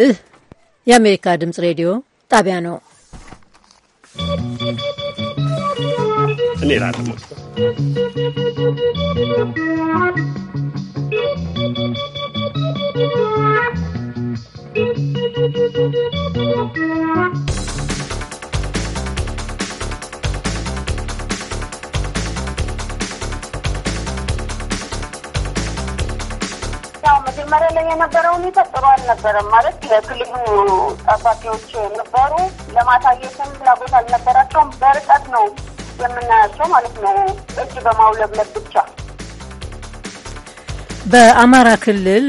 ይህ የአሜሪካ ድምፅ ሬዲዮ ጣቢያ ነው። እኔ መጀመሪያ ላይ የነበረው ሁኔታ ጥሩ አልነበረም። ማለት የክልሉ ጠባቂዎች ነበሩ፣ ለማሳየትም ፍላጎት አልነበራቸውም። በርቀት ነው የምናያቸው ማለት ነው፣ እጅ በማውለብለብ ብቻ። በአማራ ክልል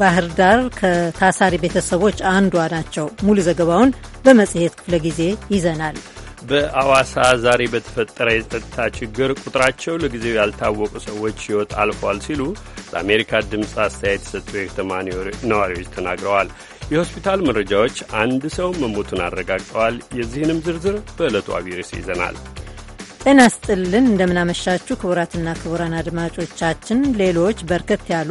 ባህር ዳር ከታሳሪ ቤተሰቦች አንዷ ናቸው። ሙሉ ዘገባውን በመጽሔት ክፍለ ጊዜ ይዘናል። በአዋሳ ዛሬ በተፈጠረ የጸጥታ ችግር ቁጥራቸው ለጊዜው ያልታወቁ ሰዎች ሕይወት አልፏል ሲሉ ለአሜሪካ ድምፅ አስተያየት የሰጡ የከተማ ነዋሪዎች ተናግረዋል። የሆስፒታል መረጃዎች አንድ ሰው መሞቱን አረጋግጠዋል። የዚህንም ዝርዝር በዕለቱ አብይ ይዘናል። ጤና ስጥልን፣ እንደምናመሻችሁ ክቡራትና ክቡራን አድማጮቻችን ሌሎች በርከት ያሉ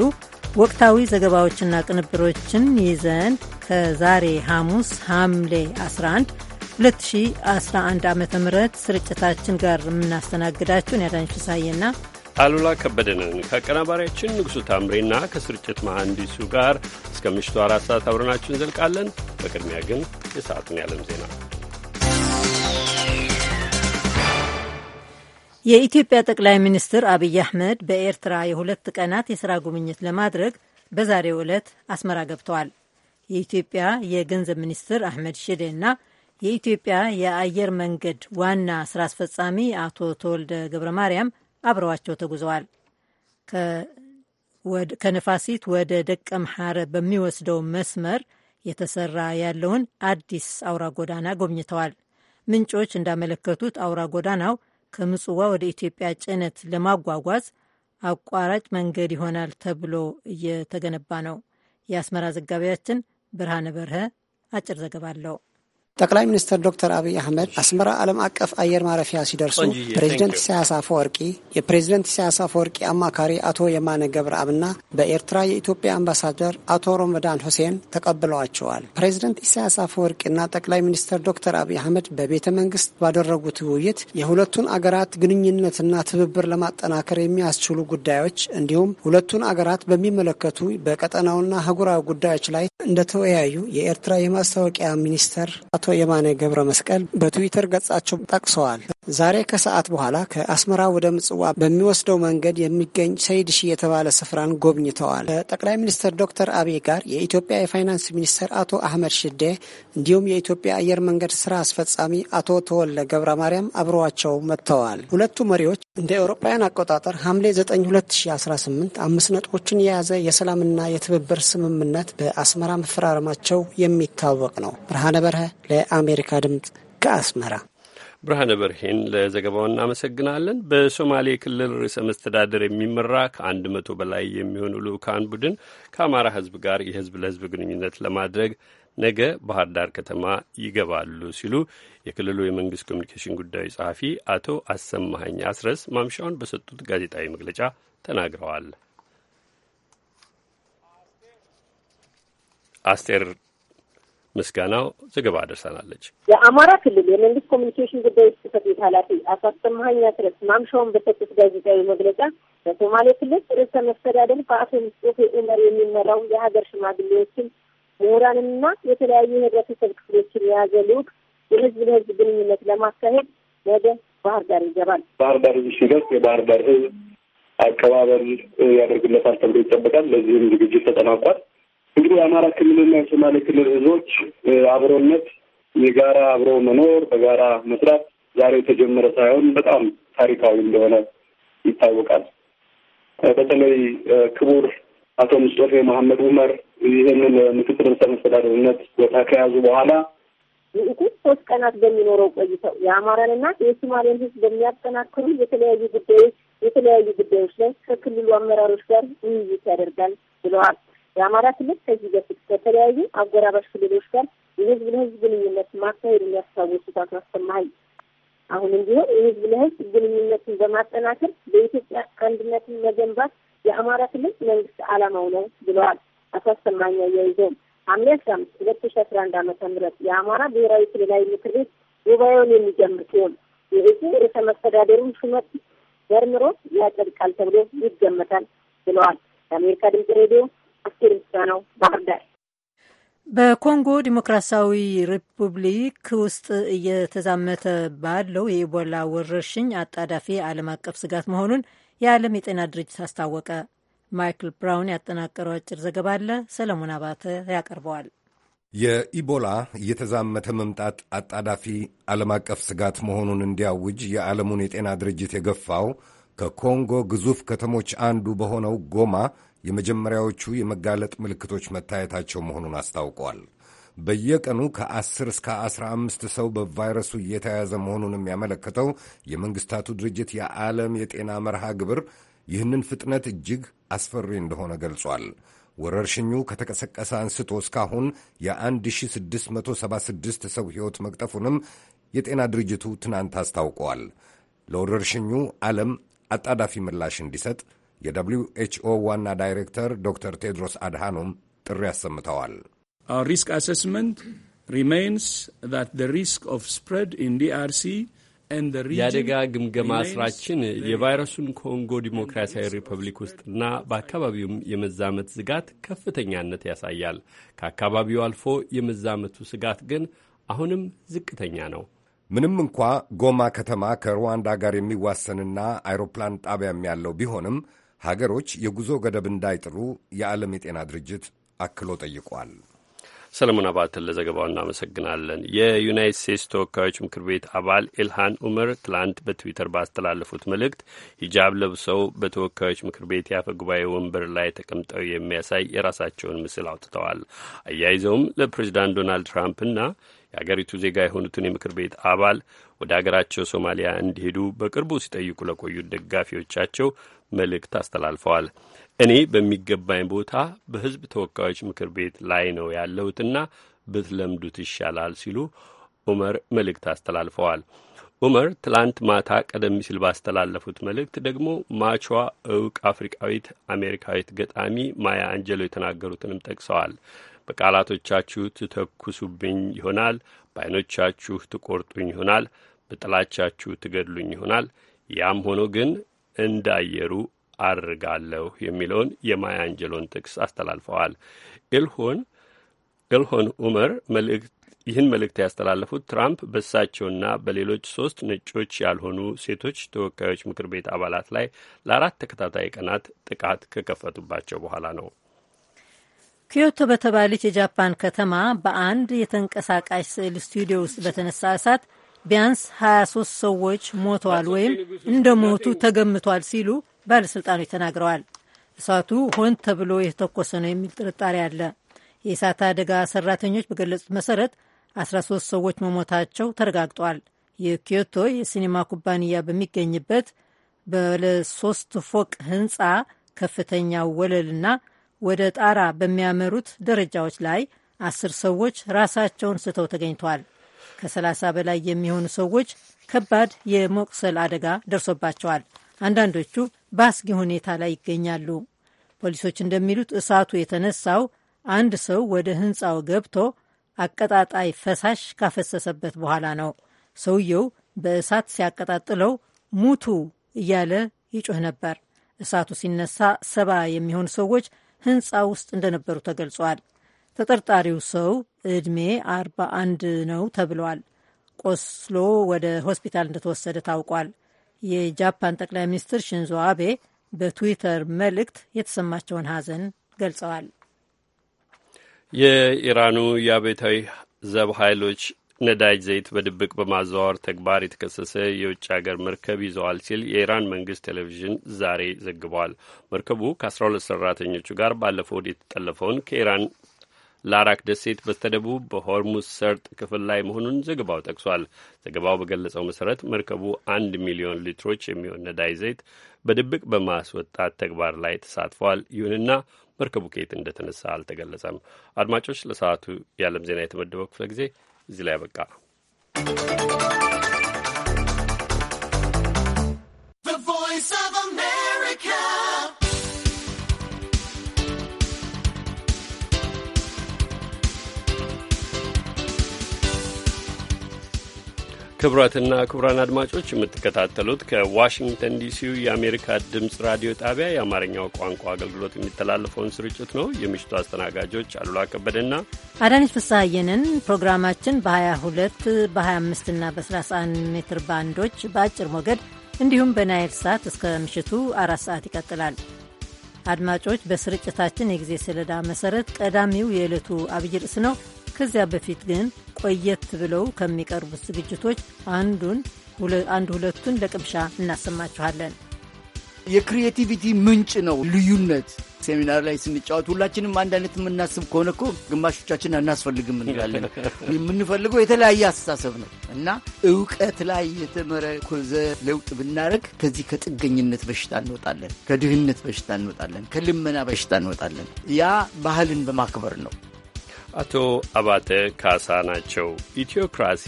ወቅታዊ ዘገባዎችና ቅንብሮችን ይዘን ከዛሬ ሐሙስ ሐምሌ 11 2011 ዓ ም ስርጭታችን ጋር የምናስተናግዳችሁን ያዳኝ ፍሳዬና አሉላ ከበደንን ከአቀናባሪያችን ንጉሡ ታምሬና ከስርጭት መሐንዲሱ ጋር እስከ ምሽቱ አራት ሰዓት አብረናችሁ እንዘልቃለን። በቅድሚያ ግን የሰዓቱን ያለም ዜና የኢትዮጵያ ጠቅላይ ሚኒስትር አብይ አህመድ በኤርትራ የሁለት ቀናት የሥራ ጉብኝት ለማድረግ በዛሬው ዕለት አስመራ ገብተዋል። የኢትዮጵያ የገንዘብ ሚኒስትር አህመድ ሽዴና የኢትዮጵያ የአየር መንገድ ዋና ስራ አስፈጻሚ አቶ ተወልደ ገብረ ማርያም አብረዋቸው ተጉዘዋል። ከነፋሲት ወደ ደቀ መሐረ በሚወስደው መስመር የተሰራ ያለውን አዲስ አውራ ጎዳና ጎብኝተዋል። ምንጮች እንዳመለከቱት አውራ ጎዳናው ከምጽዋ ወደ ኢትዮጵያ ጭነት ለማጓጓዝ አቋራጭ መንገድ ይሆናል ተብሎ እየተገነባ ነው። የአስመራ ዘጋቢያችን ብርሃነ በርሀ አጭር ዘገባ አለው። ጠቅላይ ሚኒስትር ዶክተር አብይ አህመድ አስመራ ዓለም አቀፍ አየር ማረፊያ ሲደርሱ ፕሬዚደንት ኢሳያስ አፈወርቂ፣ የፕሬዚደንት ኢሳያስ አፈወርቂ አማካሪ አቶ የማነ ገብረአብና በኤርትራ የኢትዮጵያ አምባሳደር አቶ ሮመዳን ሁሴን ተቀብለዋቸዋል። ፕሬዚደንት ኢሳያስ አፈወርቂና ጠቅላይ ሚኒስትር ዶክተር አብይ አህመድ በቤተ መንግስት ባደረጉት ውይይት የሁለቱን አገራት ግንኙነትና ትብብር ለማጠናከር የሚያስችሉ ጉዳዮች እንዲሁም ሁለቱን አገራት በሚመለከቱ በቀጠናውና አህጉራዊ ጉዳዮች ላይ እንደተወያዩ የኤርትራ የማስታወቂያ ሚኒስተር አቶ የማነ ገብረ መስቀል በትዊተር ገጻቸው ጠቅሰዋል። ዛሬ ከሰዓት በኋላ ከአስመራ ወደ ምጽዋ በሚወስደው መንገድ የሚገኝ ሰይድ ሺ የተባለ ስፍራን ጎብኝተዋል። ከጠቅላይ ሚኒስትር ዶክተር አብይ ጋር የኢትዮጵያ የፋይናንስ ሚኒስትር አቶ አህመድ ሽዴ እንዲሁም የኢትዮጵያ አየር መንገድ ስራ አስፈጻሚ አቶ ተወለ ገብረ ማርያም አብረዋቸው መጥተዋል። ሁለቱ መሪዎች እንደ ኤውሮፓውያን አቆጣጠር ሐምሌ 9 2018 አምስት ነጥቦችን የያዘ የሰላምና የትብብር ስምምነት በአስመራ መፈራረማቸው የሚታወቅ ነው። ብርሃነ በርሀ ለአሜሪካ ድምፅ ከአስመራ ብርሃነ በርሄን ለዘገባው እናመሰግናለን። በሶማሌ ክልል ርዕሰ መስተዳደር የሚመራ ከአንድ መቶ በላይ የሚሆኑ ልዑካን ቡድን ከአማራ ህዝብ ጋር የህዝብ ለህዝብ ግንኙነት ለማድረግ ነገ ባህር ዳር ከተማ ይገባሉ ሲሉ የክልሉ የመንግስት ኮሚኒኬሽን ጉዳዮች ጸሐፊ አቶ አሰማሀኝ አስረስ ማምሻውን በሰጡት ጋዜጣዊ መግለጫ ተናግረዋል። አስቴር ምስጋናው ዘገባ አደርሳናለች። የአማራ ክልል የመንግስት ኮሚኒኬሽን ጉዳዮች ጽፈት ቤት ኃላፊ አቶ አሰማኸኝ ትረስ ማምሻውን በሰጡት ጋዜጣዊ መግለጫ በሶማሌ ክልል ርዕሰ መስተዳደር በአቶ ሙስጠፌ ኡመር የሚመራው የሀገር ሽማግሌዎችን ምሁራንና የተለያዩ የህብረተሰብ ክፍሎችን የያዘ ልዑክ የህዝብ ለህዝብ ግንኙነት ለማካሄድ ነገ ባህር ዳር ይገባል። ባህር ዳር እዚህ ሲደርስ የባህር ዳር ህዝብ አቀባበል ያደርግለታል ተብሎ ይጠበቃል። ለዚህም ዝግጅት ተጠናቋል። እንግዲህ የአማራ ክልልና የሶማሌ ክልል ህዝቦች አብሮነት፣ የጋራ አብሮ መኖር፣ በጋራ መስራት ዛሬ የተጀመረ ሳይሆን በጣም ታሪካዊ እንደሆነ ይታወቃል። በተለይ ክቡር አቶ ሙስጠፌ መሐመድ ዑመር ይህንን ምክትል ርዕሰ ቦታ ከያዙ በኋላ ሶስት ቀናት በሚኖረው ቆይተው የአማራንና የሶማሌን ህዝብ በሚያጠናክሩ የተለያዩ ጉዳዮች የተለያዩ ጉዳዮች ላይ ከክልሉ አመራሮች ጋር ውይይት ያደርጋል ብለዋል። የአማራ ክልል ከዚህ በፊት ከተለያዩ አጎራባሽ ክልሎች ጋር የህዝብ ለህዝብ ግንኙነት ማካሄድ የሚያስታውሱት አቶ አሰማኸኝ አሁንም ቢሆን የህዝብ ለህዝብ ግንኙነትን በማጠናከር በኢትዮጵያ አንድነትን መገንባት የአማራ ክልል መንግስት አላማው ነው ብለዋል። አቶ አሰማኸኝ አያይዘውም ሐምሌ አስራ አምስት ሁለት ሺ አስራ አንድ አመተ ምህረት የአማራ ብሔራዊ ክልላዊ ምክር ቤት ጉባኤውን የሚጀምር ሲሆን የእጩ ርዕሰ መስተዳደሩን ሹመት መርምሮ ያጸድቃል ተብሎ ይገመታል ብለዋል። የአሜሪካ ድምጽ ሬዲዮ አስቴርቻ ነው በኮንጎ ዲሞክራሲያዊ ሪፑብሊክ ውስጥ እየተዛመተ ባለው የኢቦላ ወረርሽኝ አጣዳፊ ዓለም አቀፍ ስጋት መሆኑን የዓለም የጤና ድርጅት አስታወቀ። ማይክል ብራውን ያጠናቀረው አጭር ዘገባ አለ። ሰለሞን አባተ ያቀርበዋል። የኢቦላ እየተዛመተ መምጣት አጣዳፊ ዓለም አቀፍ ስጋት መሆኑን እንዲያውጅ የዓለሙን የጤና ድርጅት የገፋው ከኮንጎ ግዙፍ ከተሞች አንዱ በሆነው ጎማ የመጀመሪያዎቹ የመጋለጥ ምልክቶች መታየታቸው መሆኑን አስታውቀዋል። በየቀኑ ከ10 እስከ 15 ሰው በቫይረሱ እየተያዘ መሆኑን የሚያመለክተው የመንግስታቱ ድርጅት የዓለም የጤና መርሃ ግብር ይህንን ፍጥነት እጅግ አስፈሪ እንደሆነ ገልጿል። ወረርሽኙ ከተቀሰቀሰ አንስቶ እስካሁን የ1676 ሰው ሕይወት መቅጠፉንም የጤና ድርጅቱ ትናንት አስታውቀዋል። ለወረርሽኙ ዓለም አጣዳፊ ምላሽ እንዲሰጥ የደብልዩ ኤችኦ ዋና ዳይሬክተር ዶክተር ቴድሮስ አድሃኖም ጥሪ አሰምተዋል። ሪስክ አሰስመንት ሪሜንስ ሪስክ ኦፍ ስፕሬድ ኢን ዲአርሲ የአደጋ ግምገማ ስራችን የቫይረሱን ኮንጎ ዲሞክራሲያዊ ሪፐብሊክ ውስጥና በአካባቢውም የመዛመት ስጋት ከፍተኛነት ያሳያል። ከአካባቢው አልፎ የመዛመቱ ስጋት ግን አሁንም ዝቅተኛ ነው። ምንም እንኳ ጎማ ከተማ ከሩዋንዳ ጋር የሚዋሰንና አይሮፕላን ጣቢያም ያለው ቢሆንም ሀገሮች የጉዞ ገደብ እንዳይጥሉ የዓለም የጤና ድርጅት አክሎ ጠይቋል። ሰለሞን አባትን ለዘገባው እናመሰግናለን። የዩናይት ስቴትስ ተወካዮች ምክር ቤት አባል ኢልሃን ኡመር ትላንት በትዊተር ባስተላለፉት መልእክት ሂጃብ ለብሰው በተወካዮች ምክር ቤት የአፈ ጉባኤ ወንበር ላይ ተቀምጠው የሚያሳይ የራሳቸውን ምስል አውጥተዋል። አያይዘውም ለፕሬዚዳንት ዶናልድ ትራምፕና የአገሪቱ ዜጋ የሆኑትን የምክር ቤት አባል ወደ አገራቸው ሶማሊያ እንዲሄዱ በቅርቡ ሲጠይቁ ለቆዩት ደጋፊዎቻቸው መልእክት አስተላልፈዋል። እኔ በሚገባኝ ቦታ በሕዝብ ተወካዮች ምክር ቤት ላይ ነው ያለሁትና ብትለምዱት ይሻላል ሲሉ ኡመር መልእክት አስተላልፈዋል። ኡመር ትላንት ማታ ቀደም ሲል ባስተላለፉት መልእክት ደግሞ ማቿ እውቅ አፍሪቃዊት አሜሪካዊት ገጣሚ ማያ አንጀሎ የተናገሩትንም ጠቅሰዋል። በቃላቶቻችሁ ትተኩሱብኝ ይሆናል፣ በዓይኖቻችሁ ትቆርጡኝ ይሆናል፣ በጥላቻችሁ ትገድሉኝ ይሆናል። ያም ሆኖ ግን እንደ አየሩ አርጋለሁ የሚለውን የማያ አንጀሎን ጥቅስ አስተላልፈዋል። ኢልሆን ኢልሆን ኡመር መልእክት ይህን መልእክት ያስተላለፉት ትራምፕ በእሳቸውና በሌሎች ሶስት ነጮች ያልሆኑ ሴቶች ተወካዮች ምክር ቤት አባላት ላይ ለአራት ተከታታይ ቀናት ጥቃት ከከፈቱባቸው በኋላ ነው። ኪዮቶ በተባለች የጃፓን ከተማ በአንድ የተንቀሳቃሽ ስዕል ስቱዲዮ ውስጥ በተነሳ እሳት ቢያንስ 23 ሰዎች ሞተዋል ወይም እንደ ሞቱ ተገምቷል ሲሉ ባለሥልጣኖች ተናግረዋል። እሳቱ ሆን ተብሎ የተተኮሰ ነው የሚል ጥርጣሬ አለ። የእሳት አደጋ ሰራተኞች በገለጹት መሰረት 13 ሰዎች መሞታቸው ተረጋግጧል። የኪዮቶ የሲኒማ ኩባንያ በሚገኝበት ባለ ሶስት ፎቅ ህንፃ ከፍተኛ ወለልና ወደ ጣራ በሚያመሩት ደረጃዎች ላይ አስር ሰዎች ራሳቸውን ስተው ተገኝተዋል። በላይ የሚሆኑ ሰዎች ከባድ የመቁሰል አደጋ ደርሶባቸዋል። አንዳንዶቹ በአስጊ ሁኔታ ላይ ይገኛሉ። ፖሊሶች እንደሚሉት እሳቱ የተነሳው አንድ ሰው ወደ ህንፃው ገብቶ አቀጣጣይ ፈሳሽ ካፈሰሰበት በኋላ ነው። ሰውየው በእሳት ሲያቀጣጥለው ሙቱ እያለ ይጮህ ነበር። እሳቱ ሲነሳ ሰባ የሚሆኑ ሰዎች ህንፃ ውስጥ እንደነበሩ ተገልጿል። ተጠርጣሪው ሰው ዕድሜ አንድ ነው ተብሏል። ቆስሎ ወደ ሆስፒታል እንደተወሰደ ታውቋል። የጃፓን ጠቅላይ ሚኒስትር ሽንዞ አቤ በትዊተር መልእክት የተሰማቸውን ሀዘን ገልጸዋል። የኢራኑ የአቤታዊ ዘብ ኃይሎች ነዳጅ ዘይት በድብቅ በማዘዋወር ተግባር የተከሰሰ የውጭ ሀገር መርከብ ይዘዋል ሲል የኢራን መንግስት ቴሌቪዥን ዛሬ ዘግቧል። መርከቡ ከ12 ሰራተኞቹ ጋር ባለፈው ወደ የተጠለፈውን ከኢራን ላራክ ደሴት በስተደቡብ በሆርሙዝ ሰርጥ ክፍል ላይ መሆኑን ዘገባው ጠቅሷል። ዘገባው በገለጸው መሰረት መርከቡ አንድ ሚሊዮን ሊትሮች የሚሆን ነዳጅ ዘይት በድብቅ በማስወጣት ተግባር ላይ ተሳትፏል። ይሁንና መርከቡ ከየት እንደተነሳ አልተገለጸም። አድማጮች፣ ለሰዓቱ የዓለም ዜና የተመደበው ክፍለ ጊዜ እዚህ ላይ ያበቃ። ክቡራትና ክቡራን አድማጮች የምትከታተሉት ከዋሽንግተን ዲሲው የአሜሪካ ድምፅ ራዲዮ ጣቢያ የአማርኛው ቋንቋ አገልግሎት የሚተላለፈውን ስርጭት ነው። የምሽቱ አስተናጋጆች አሉላ ከበደና አዳነች ፍስሐየንን። ፕሮግራማችን በ22 በ25ና በ31 ሜትር ባንዶች በአጭር ሞገድ እንዲሁም በናይል ሳት እስከ ምሽቱ አራት ሰዓት ይቀጥላል። አድማጮች በስርጭታችን የጊዜ ሰሌዳ መሰረት ቀዳሚው የዕለቱ አብይ ርዕስ ነው። ከዚያ በፊት ግን ቆየት ብለው ከሚቀርቡት ዝግጅቶች አንዱን አንድ ሁለቱን ለቅምሻ እናሰማችኋለን። የክሪኤቲቪቲ ምንጭ ነው ልዩነት። ሴሚናር ላይ ስንጫወት ሁላችንም አንድ አይነት የምናስብ ከሆነ እኮ ግማሾቻችን አናስፈልግም እንላለን። የምንፈልገው የተለያየ አስተሳሰብ ነው እና እውቀት ላይ የተመረኮዘ ለውጥ ብናደርግ ከዚህ ከጥገኝነት በሽታ እንወጣለን፣ ከድህነት በሽታ እንወጣለን፣ ከልመና በሽታ እንወጣለን። ያ ባህልን በማክበር ነው። አቶ አባተ ካሳ ናቸው። ኢትዮክራሲ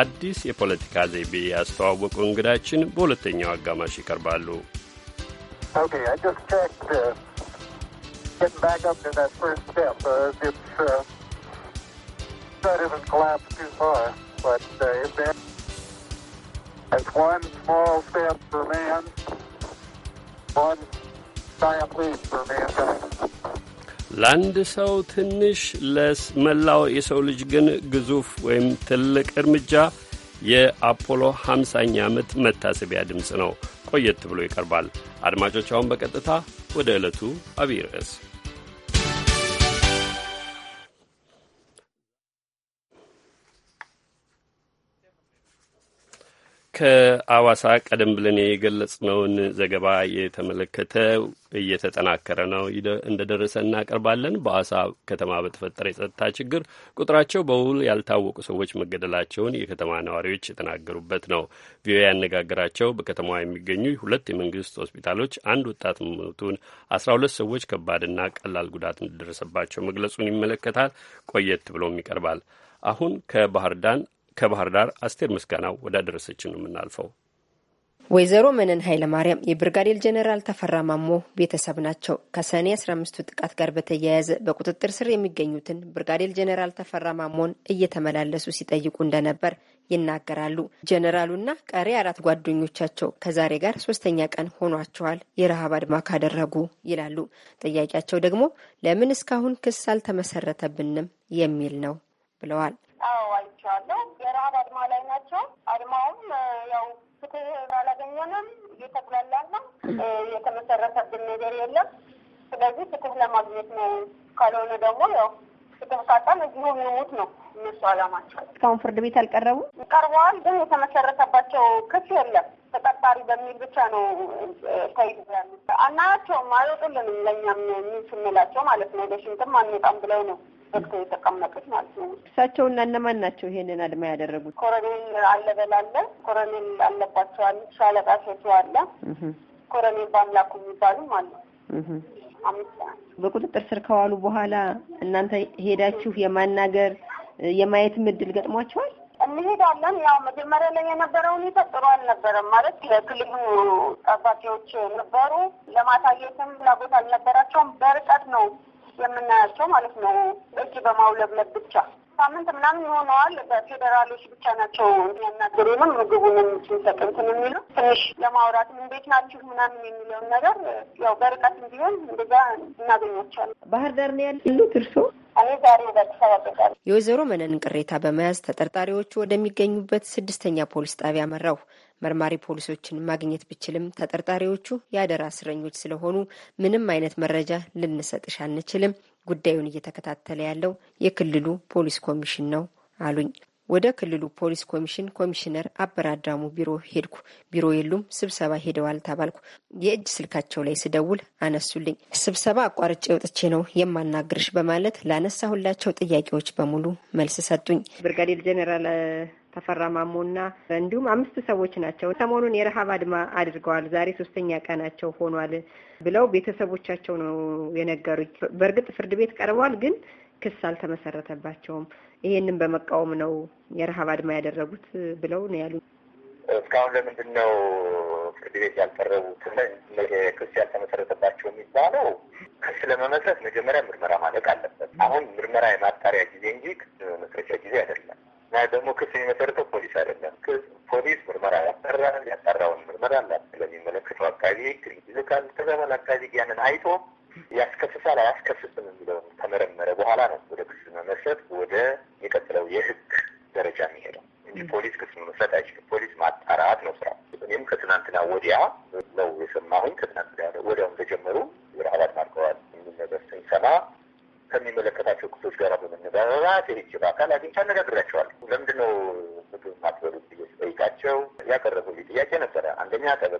አዲስ የፖለቲካ ዘይቤ ያስተዋወቁ እንግዳችን በሁለተኛው አጋማሽ ይቀርባሉ። One giant leap for mankind. ለአንድ ሰው ትንሽ፣ ለመላው የሰው ልጅ ግን ግዙፍ ወይም ትልቅ እርምጃ የአፖሎ 50ኛ ዓመት መታሰቢያ ድምፅ ነው። ቆየት ብሎ ይቀርባል። አድማጮች፣ አሁን በቀጥታ ወደ ዕለቱ አብይ ርዕስ ከአዋሳ ቀደም ብለን የገለጽነውን ዘገባ የተመለከተ እየተጠናከረ ነው ደረሰ እናቀርባለን። በአዋሳ ከተማ በተፈጠረ የጸጥታ ችግር ቁጥራቸው በውል ያልታወቁ ሰዎች መገደላቸውን የከተማ ነዋሪዎች የተናገሩበት ነው። ቪኦኤ ያነጋገራቸው በከተማዋ የሚገኙ ሁለት የመንግስት ሆስፒታሎች አንድ ወጣት መሞቱን፣ አስራ ሁለት ሰዎች ከባድና ቀላል ጉዳት እንደደረሰባቸው መግለጹን ይመለከታል። ቆየት ብሎም ይቀርባል። አሁን ከባህር ዳር ከባህር ዳር አስቴር ምስጋናው ወዳደረሰችን ነው የምናልፈው። ወይዘሮ መነን ኃይለማርያም የብርጋዴር ጀኔራል ተፈራ ማሞ ቤተሰብ ናቸው። ከሰኔ 15ቱ ጥቃት ጋር በተያያዘ በቁጥጥር ስር የሚገኙትን ብርጋዴር ጀኔራል ተፈራ ማሞን እየተመላለሱ ሲጠይቁ እንደነበር ይናገራሉ። ጀኔራሉና ቀሪ አራት ጓደኞቻቸው ከዛሬ ጋር ሶስተኛ ቀን ሆኗቸዋል የረሃብ አድማ ካደረጉ ይላሉ። ጥያቄያቸው ደግሞ ለምን እስካሁን ክስ አልተመሰረተብንም የሚል ነው ብለዋል። አለ። የረሀብ አድማ ላይ ናቸው። አድማውም ያው ፍትህ አላገኘንም፣ እየተጉላላ የተመሰረተብን ነገር የለም። ስለዚህ ፍትህ ለማግኘት ነው። ካልሆነ ደግሞ ያው ፍትህ ካጣን እዚሁ እንሙት ነው እነሱ አላማቸው። እስካሁን ፍርድ ቤት አልቀረቡም። ቀርበዋል፣ ግን የተመሰረተባቸው ክስ የለም። ተጠርጣሪ በሚል ብቻ ነው ተይዛሉ። አናያቸውም፣ አይወጡልንም። ለእኛም ስንላቸው ማለት ነው ለሽንትም አንወጣም ብለው ነው ገብተው የተቀመጡት ማለት ነው። እሳቸውና እነማን ናቸው ይሄንን አድማ ያደረጉት? ኮረኔል አለበል አለ፣ ኮሎኔል አለባቸው ሻለቃ ሴቱ አለ፣ ኮረኔል በአምላኩ የሚባሉ ማለት ነው። በቁጥጥር ስር ከዋሉ በኋላ እናንተ ሄዳችሁ የማናገር የማየት ምድል ገጥሟቸዋል? እንሄዳለን። ያው መጀመሪያ ላይ የነበረውን ይፈጥሩ አልነበረም። ማለት የክልሉ ጠባቂዎች ነበሩ። ለማሳየትም ፍላጎት አልነበራቸውም። በርቀት ነው የምናያቸው ማለት ነው። እጅ በማውለብለብ ብቻ ሳምንት ምናምን ይሆነዋል። በፌዴራሎች ብቻ ናቸው የሚያናገሩንም ምግቡንም ስንሰጥ እንትን የሚሉ ትንሽ ለማውራት እንዴት ናችሁ ምናምን የሚለውን ነገር ያው በርቀት እንዲሆን እንደዛ እናገኛቸዋለን። ባህር ዳር ነው ያሉት እርስዎ? እኔ ዛሬ በአዲስ የወይዘሮ መነንን ቅሬታ በመያዝ ተጠርጣሪዎቹ ወደሚገኙበት ስድስተኛ ፖሊስ ጣቢያ መራው። መርማሪ ፖሊሶችን ማግኘት ብችልም ተጠርጣሪዎቹ የአደራ እስረኞች ስለሆኑ ምንም አይነት መረጃ ልንሰጥሽ አንችልም፣ ጉዳዩን እየተከታተለ ያለው የክልሉ ፖሊስ ኮሚሽን ነው አሉኝ። ወደ ክልሉ ፖሊስ ኮሚሽን ኮሚሽነር አበራዳሙ ቢሮ ሄድኩ። ቢሮ የሉም፣ ስብሰባ ሄደዋል ተባልኩ። የእጅ ስልካቸው ላይ ስደውል አነሱልኝ። ስብሰባ አቋርጬ ወጥቼ ነው የማናግርሽ በማለት ላነሳሁላቸው ጥያቄዎች በሙሉ መልስ ሰጡኝ። ብርጋዴር ጀኔራል ተፈራ ማሞና እንዲሁም አምስት ሰዎች ናቸው። ሰሞኑን የረሀብ አድማ አድርገዋል። ዛሬ ሶስተኛ ቀናቸው ሆኗል ብለው ቤተሰቦቻቸው ነው የነገሩኝ። በእርግጥ ፍርድ ቤት ቀርበዋል ግን ክስ አልተመሰረተባቸውም። ይሄንን በመቃወም ነው የረሀብ አድማ ያደረጉት ብለው ነው ያሉ። እስካሁን ለምንድን ነው ፍርድ ቤት ያልቀረቡት ክስ ያልተመሰረተባቸው የሚባለው? ክስ ለመመስረት መጀመሪያ ምርመራ ማለቅ አለበት። አሁን ምርመራ የማጣሪያ ጊዜ እንጂ እና ደግሞ ክስ የሚመሰረተው ፖሊስ አይደለም። ክስ ፖሊስ ምርመራ ያጠራል። ያጠራውን ምርመራ ለሚመለከተው አካባቢ ይልካል። ከዘመን አካባቢ ያንን አይቶ ያስከስሳል አያስከስስም የሚለውን ከመረመረ በኋላ ነው ወደ ክስ መመስረት ወደ የቀጥለው የህግ ደረጃ የሚሄደው እንጂ ፖሊስ ክስ መመስረት አይችልም። ፖሊስ ማጣራት ነው ስራ። እኔም ከትናንትና ወዲያ ነው የሰማሁኝ። ከትናንትና ወዲያው እንደጀመሩ ረሀባት ማርቀዋል የሚል ነገር ስንሰማ ከሚመለከታቸው ክሶች ጋር በመነጋገራት የህጅብ አካል አግኝቼ አነጋግሬያቸዋለሁ campaña,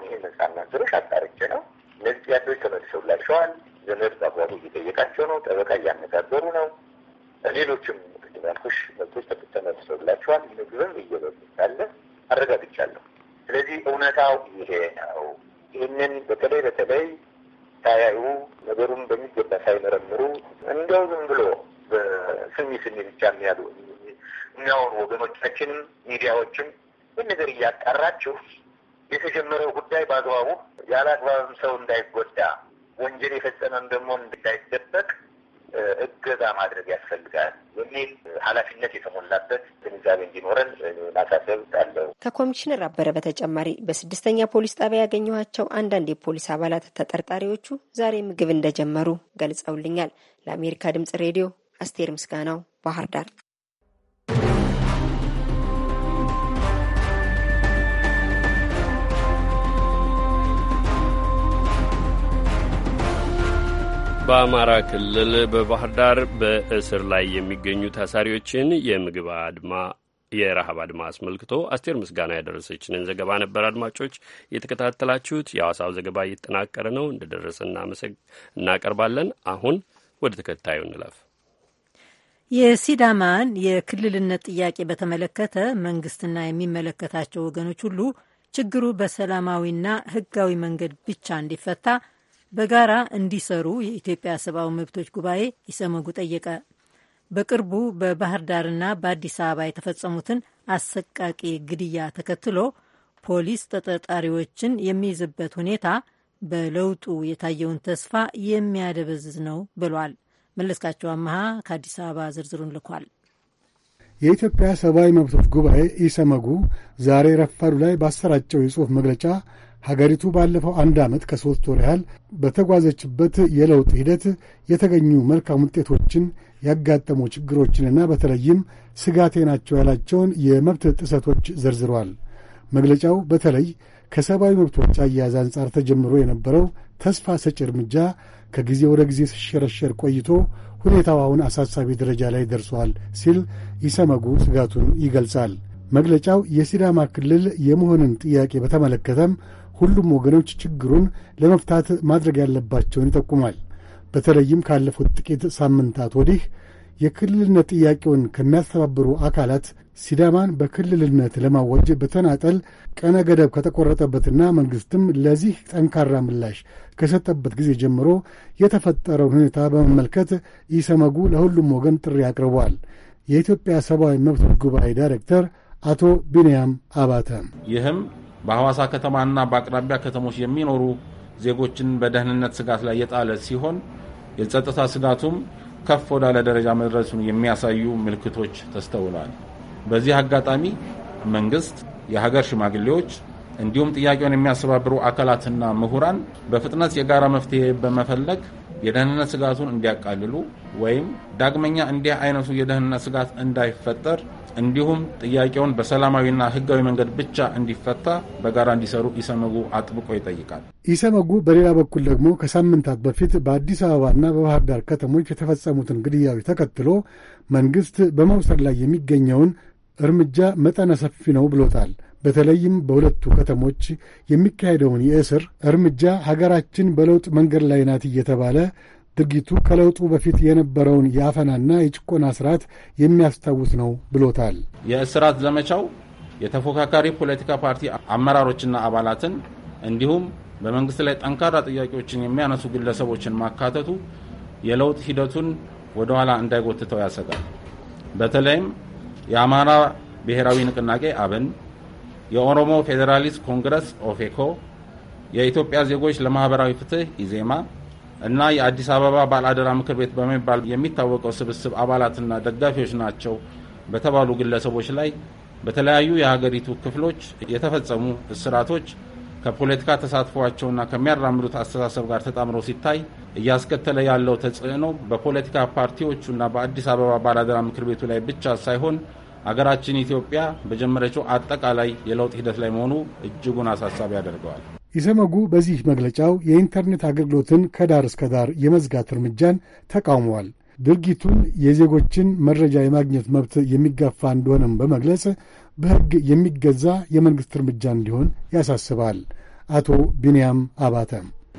አሁን ይህን ህጻና ስሮች አጣርቼ ነው። እነዚህ ጥያቄዎች ተመልሰውላቸዋል። ዘመድ በአግባቡ እየጠየቃቸው ነው። ጠበቃ እያነጋገሩ ነው። ሌሎችም ቅድም ያልኩሽ መብቶች ተመልሰውላቸዋል። ምግብም እየበሉ እንዳለ አረጋግጫለሁ። ስለዚህ እውነታው ይሄ ነው። ይህንን በተለይ በተለይ ሳያዩ ነገሩን በሚገባ ሳይመረምሩ እንደው ዝም ብሎ በስሚ ስሚ ብቻ የሚያሉ የሚያወሩ ወገኖቻችንም ሚዲያዎችም ይህን ነገር እያጣራችሁ የተጀመረው ጉዳይ በአግባቡ ያለ አግባብም ሰው እንዳይጎዳ ወንጀል የፈጸመም ደግሞ እንዳይደበቅ እገዛ ማድረግ ያስፈልጋል የሚል ኃላፊነት የተሞላበት ግንዛቤ እንዲኖረን ማሳሰብ አለው። ከኮሚሽነር አበረ በተጨማሪ በስድስተኛ ፖሊስ ጣቢያ ያገኘኋቸው አንዳንድ የፖሊስ አባላት ተጠርጣሪዎቹ ዛሬ ምግብ እንደጀመሩ ገልጸውልኛል። ለአሜሪካ ድምጽ ሬዲዮ አስቴር ምስጋናው ባህር ዳር በአማራ ክልል በባህር ዳር በእስር ላይ የሚገኙ ታሳሪዎችን የምግብ አድማ የረሃብ አድማ አስመልክቶ አስቴር ምስጋና ያደረሰችንን ዘገባ ነበር አድማጮች የተከታተላችሁት። የሐዋሳው ዘገባ እየተጠናቀረ ነው፣ እንደደረሰ እናቀርባለን። አሁን ወደ ተከታዩ እንለፍ። የሲዳማን የክልልነት ጥያቄ በተመለከተ መንግስትና የሚመለከታቸው ወገኖች ሁሉ ችግሩ በሰላማዊና ሕጋዊ መንገድ ብቻ እንዲፈታ በጋራ እንዲሰሩ የኢትዮጵያ ሰብአዊ መብቶች ጉባኤ ኢሰመጉ ጠየቀ። በቅርቡ በባህር ዳርና በአዲስ አበባ የተፈጸሙትን አሰቃቂ ግድያ ተከትሎ ፖሊስ ተጠርጣሪዎችን የሚይዝበት ሁኔታ በለውጡ የታየውን ተስፋ የሚያደበዝዝ ነው ብሏል። መለስካቸው አመሃ ከአዲስ አበባ ዝርዝሩን ልኳል። የኢትዮጵያ ሰብአዊ መብቶች ጉባኤ ኢሰመጉ ዛሬ ረፋዱ ላይ ባሰራጨው የጽሑፍ መግለጫ ሀገሪቱ ባለፈው አንድ ዓመት ከሦስት ወር ያህል በተጓዘችበት የለውጥ ሂደት የተገኙ መልካም ውጤቶችን ያጋጠሙ ችግሮችንና በተለይም ስጋቴ ናቸው ያላቸውን የመብት ጥሰቶች ዘርዝረዋል። መግለጫው በተለይ ከሰብአዊ መብቶች አያያዝ አንጻር ተጀምሮ የነበረው ተስፋ ሰጪ እርምጃ ከጊዜ ወደ ጊዜ ሲሸረሸር ቆይቶ ሁኔታው አሁን አሳሳቢ ደረጃ ላይ ደርሷል ሲል ኢሰመጉ ስጋቱን ይገልጻል። መግለጫው የሲዳማ ክልል የመሆንን ጥያቄ በተመለከተም ሁሉም ወገኖች ችግሩን ለመፍታት ማድረግ ያለባቸውን ይጠቁማል። በተለይም ካለፉት ጥቂት ሳምንታት ወዲህ የክልልነት ጥያቄውን ከሚያስተባብሩ አካላት ሲዳማን በክልልነት ለማወጅ በተናጠል ቀነ ገደብ ከተቆረጠበትና መንግሥትም ለዚህ ጠንካራ ምላሽ ከሰጠበት ጊዜ ጀምሮ የተፈጠረውን ሁኔታ በመመልከት ኢሰመጉ ለሁሉም ወገን ጥሪ አቅርቧል። የኢትዮጵያ ሰብአዊ መብቶች ጉባኤ ዳይሬክተር አቶ ቢንያም አባተ። ይህም በሐዋሳ ከተማና በአቅራቢያ ከተሞች የሚኖሩ ዜጎችን በደህንነት ስጋት ላይ የጣለ ሲሆን የጸጥታ ስጋቱም ከፍ ወዳለ ደረጃ መድረሱን የሚያሳዩ ምልክቶች ተስተውለዋል። በዚህ አጋጣሚ መንግስት፣ የሀገር ሽማግሌዎች እንዲሁም ጥያቄውን የሚያስተባብሩ አካላትና ምሁራን በፍጥነት የጋራ መፍትሄ በመፈለግ የደህንነት ስጋቱን እንዲያቃልሉ ወይም ዳግመኛ እንዲህ አይነቱ የደህንነት ስጋት እንዳይፈጠር እንዲሁም ጥያቄውን በሰላማዊና ሕጋዊ መንገድ ብቻ እንዲፈታ በጋራ እንዲሰሩ ኢሰመጉ አጥብቆ ይጠይቃል። ኢሰመጉ በሌላ በኩል ደግሞ ከሳምንታት በፊት በአዲስ አበባና በባህር ዳር ከተሞች የተፈጸሙትን ግድያዎች ተከትሎ መንግስት በመውሰድ ላይ የሚገኘውን እርምጃ መጠነ ሰፊ ነው ብሎታል። በተለይም በሁለቱ ከተሞች የሚካሄደውን የእስር እርምጃ ሀገራችን በለውጥ መንገድ ላይ ናት እየተባለ ድርጊቱ ከለውጡ በፊት የነበረውን የአፈናና የጭቆና ስርዓት የሚያስታውስ ነው ብሎታል። የእስራት ዘመቻው የተፎካካሪ ፖለቲካ ፓርቲ አመራሮችና አባላትን እንዲሁም በመንግስት ላይ ጠንካራ ጥያቄዎችን የሚያነሱ ግለሰቦችን ማካተቱ የለውጥ ሂደቱን ወደኋላ እንዳይጎትተው ያሰጋል። በተለይም የአማራ ብሔራዊ ንቅናቄ አብን የኦሮሞ ፌዴራሊስት ኮንግረስ ኦፌኮ፣ የኢትዮጵያ ዜጎች ለማህበራዊ ፍትህ ኢዜማ እና የአዲስ አበባ ባለአደራ ምክር ቤት በመባል የሚታወቀው ስብስብ አባላትና ደጋፊዎች ናቸው በተባሉ ግለሰቦች ላይ በተለያዩ የሀገሪቱ ክፍሎች የተፈጸሙ እስራቶች ከፖለቲካ ተሳትፏቸውና ከሚያራምዱት አስተሳሰብ ጋር ተጣምሮ ሲታይ እያስከተለ ያለው ተጽዕኖ በፖለቲካ ፓርቲዎቹና በአዲስ አበባ ባለአደራ ምክር ቤቱ ላይ ብቻ ሳይሆን አገራችን ኢትዮጵያ በጀመረችው አጠቃላይ የለውጥ ሂደት ላይ መሆኑ እጅጉን አሳሳቢ ያደርገዋል። ኢሰመጉ በዚህ መግለጫው የኢንተርኔት አገልግሎትን ከዳር እስከ ዳር የመዝጋት እርምጃን ተቃውመዋል። ድርጊቱን የዜጎችን መረጃ የማግኘት መብት የሚጋፋ እንደሆነም በመግለጽ በሕግ የሚገዛ የመንግሥት እርምጃ እንዲሆን ያሳስባል። አቶ ቢንያም አባተ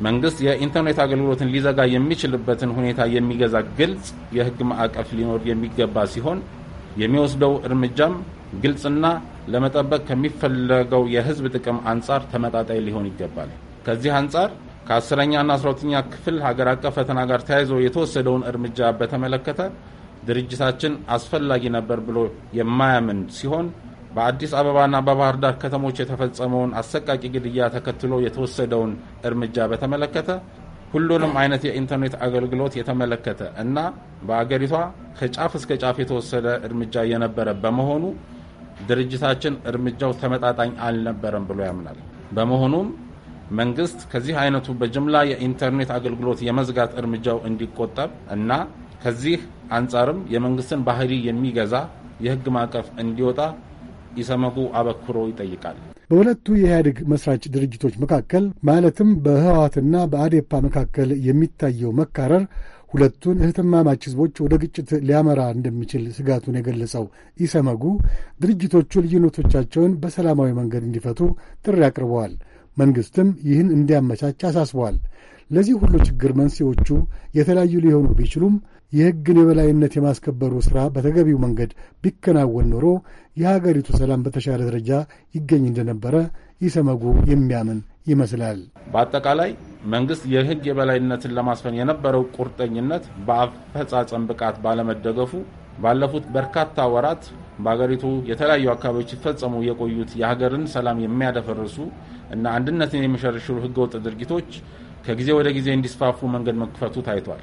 መንግሥት የኢንተርኔት አገልግሎትን ሊዘጋ የሚችልበትን ሁኔታ የሚገዛ ግልጽ የሕግ ማዕቀፍ ሊኖር የሚገባ ሲሆን የሚወስደው እርምጃም ግልጽና ለመጠበቅ ከሚፈለገው የህዝብ ጥቅም አንጻር ተመጣጣኝ ሊሆን ይገባል። ከዚህ አንጻር ከአስረኛና አስራ ሁለተኛ ክፍል ሀገር አቀፍ ፈተና ጋር ተያይዞ የተወሰደውን እርምጃ በተመለከተ ድርጅታችን አስፈላጊ ነበር ብሎ የማያምን ሲሆን በአዲስ አበባና በባህር ዳር ከተሞች የተፈጸመውን አሰቃቂ ግድያ ተከትሎ የተወሰደውን እርምጃ በተመለከተ ሁሉንም አይነት የኢንተርኔት አገልግሎት የተመለከተ እና በአገሪቷ ከጫፍ እስከ ጫፍ የተወሰደ እርምጃ የነበረ በመሆኑ ድርጅታችን እርምጃው ተመጣጣኝ አልነበረም ብሎ ያምናል። በመሆኑም መንግስት ከዚህ አይነቱ በጅምላ የኢንተርኔት አገልግሎት የመዝጋት እርምጃው እንዲቆጠብ እና ከዚህ አንጻርም የመንግስትን ባህሪ የሚገዛ የህግ ማዕቀፍ እንዲወጣ ኢሰመጉ አበክሮ ይጠይቃል። በሁለቱ የኢህአዴግ መስራች ድርጅቶች መካከል ማለትም በህወሓትና በአዴፓ መካከል የሚታየው መካረር ሁለቱን እህትማማች ህዝቦች ወደ ግጭት ሊያመራ እንደሚችል ስጋቱን የገለጸው ኢሰመጉ ድርጅቶቹ ልዩነቶቻቸውን በሰላማዊ መንገድ እንዲፈቱ ጥሪ አቅርበዋል። መንግሥትም ይህን እንዲያመቻች አሳስበዋል። ለዚህ ሁሉ ችግር መንስኤዎቹ የተለያዩ ሊሆኑ ቢችሉም የሕግን የበላይነት የማስከበሩ ሥራ በተገቢው መንገድ ቢከናወን ኖሮ የሀገሪቱ ሰላም በተሻለ ደረጃ ይገኝ እንደነበረ ይሰመጉ የሚያምን ይመስላል። በአጠቃላይ መንግሥት የሕግ የበላይነትን ለማስፈን የነበረው ቁርጠኝነት በአፈጻጸም ብቃት ባለመደገፉ ባለፉት በርካታ ወራት በሀገሪቱ የተለያዩ አካባቢዎች ሲፈጸሙ የቆዩት የሀገርን ሰላም የሚያደፈርሱ እና አንድነትን የሚሸርሽሩ ሕገወጥ ድርጊቶች ከጊዜ ወደ ጊዜ እንዲስፋፉ መንገድ መክፈቱ ታይቷል።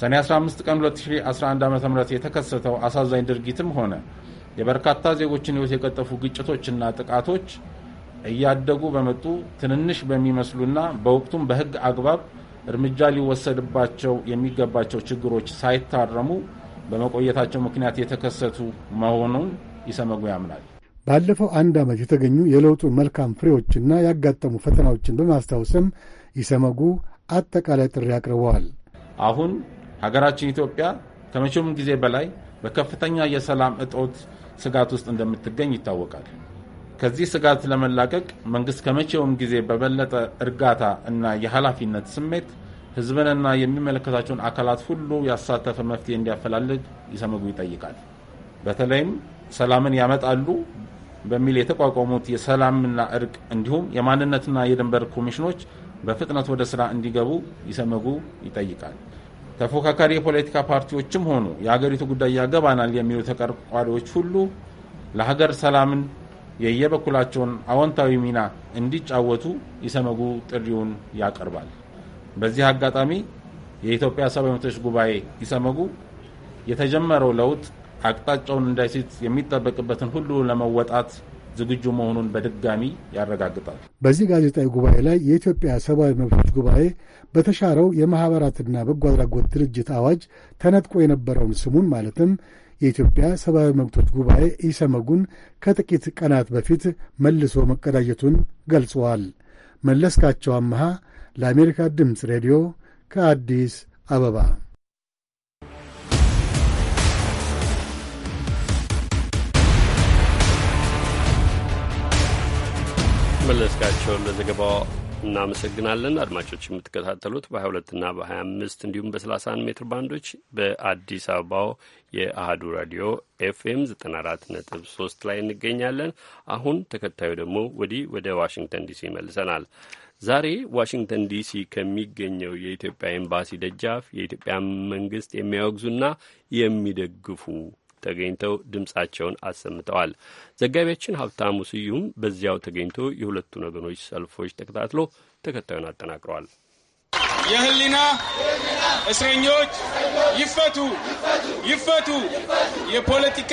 ሰኔ 15 ቀን 2011 ዓ ም የተከሰተው አሳዛኝ ድርጊትም ሆነ የበርካታ ዜጎችን ህይወት የቀጠፉ ግጭቶችና ጥቃቶች እያደጉ በመጡ ትንንሽ በሚመስሉና በወቅቱም በህግ አግባብ እርምጃ ሊወሰድባቸው የሚገባቸው ችግሮች ሳይታረሙ በመቆየታቸው ምክንያት የተከሰቱ መሆኑን ይሰመጉ ያምናል። ባለፈው አንድ ዓመት የተገኙ የለውጡ መልካም ፍሬዎችና ያጋጠሙ ፈተናዎችን በማስታወስም ይሰመጉ አጠቃላይ ጥሪ አቅርበዋል። አሁን ሀገራችን ኢትዮጵያ ከመቼውም ጊዜ በላይ በከፍተኛ የሰላም እጦት ስጋት ውስጥ እንደምትገኝ ይታወቃል። ከዚህ ስጋት ለመላቀቅ መንግስት ከመቼውም ጊዜ በበለጠ እርጋታ እና የኃላፊነት ስሜት ህዝብንና የሚመለከታቸውን አካላት ሁሉ ያሳተፈ መፍትሄ እንዲያፈላልግ ይሰመጉ ይጠይቃል። በተለይም ሰላምን ያመጣሉ በሚል የተቋቋሙት የሰላምና እርቅ እንዲሁም የማንነትና የድንበር ኮሚሽኖች በፍጥነት ወደ ስራ እንዲገቡ ይሰመጉ ይጠይቃል። ተፎካካሪ የፖለቲካ ፓርቲዎችም ሆኑ የሀገሪቱ ጉዳይ ያገባናል የሚሉ ተቀርቋሪዎች ሁሉ ለሀገር ሰላምን የየበኩላቸውን አዎንታዊ ሚና እንዲጫወቱ ኢሰመጉ ጥሪውን ያቀርባል። በዚህ አጋጣሚ የኢትዮጵያ ሰብአዊ መብቶች ጉባኤ ኢሰመጉ የተጀመረው ለውጥ አቅጣጫውን እንዳይስት የሚጠበቅበትን ሁሉ ለመወጣት ዝግጁ መሆኑን በድጋሚ ያረጋግጣል። በዚህ ጋዜጣዊ ጉባኤ ላይ የኢትዮጵያ ሰብአዊ መብቶች ጉባኤ በተሻረው የማኅበራትና በጎ አድራጎት ድርጅት አዋጅ ተነጥቆ የነበረውን ስሙን ማለትም የኢትዮጵያ ሰብአዊ መብቶች ጉባኤ ኢሰመጉን ከጥቂት ቀናት በፊት መልሶ መቀዳጀቱን ገልጸዋል። መለስካቸው አመሃ ለአሜሪካ ድምፅ ሬዲዮ ከአዲስ አበባ መለስካቸውን ለዘገባው እናመሰግናለን። አድማጮች የምትከታተሉት በ22ና በ25 እንዲሁም በ31 ሜትር ባንዶች በአዲስ አበባው የአህዱ ራዲዮ ኤፍኤም 94.3 ላይ እንገኛለን። አሁን ተከታዩ ደግሞ ወዲህ ወደ ዋሽንግተን ዲሲ መልሰናል። ዛሬ ዋሽንግተን ዲሲ ከሚገኘው የኢትዮጵያ ኤምባሲ ደጃፍ የኢትዮጵያ መንግስት የሚያወግዙና የሚደግፉ ተገኝተው ድምጻቸውን አሰምተዋል። ዘጋቢያችን ሀብታሙ ስዩም በዚያው ተገኝቶ የሁለቱን ወገኖች ሰልፎች ተከታትሎ ተከታዩን አጠናቅረዋል። የህሊና እስረኞች ይፈቱ ይፈቱ፣ የፖለቲካ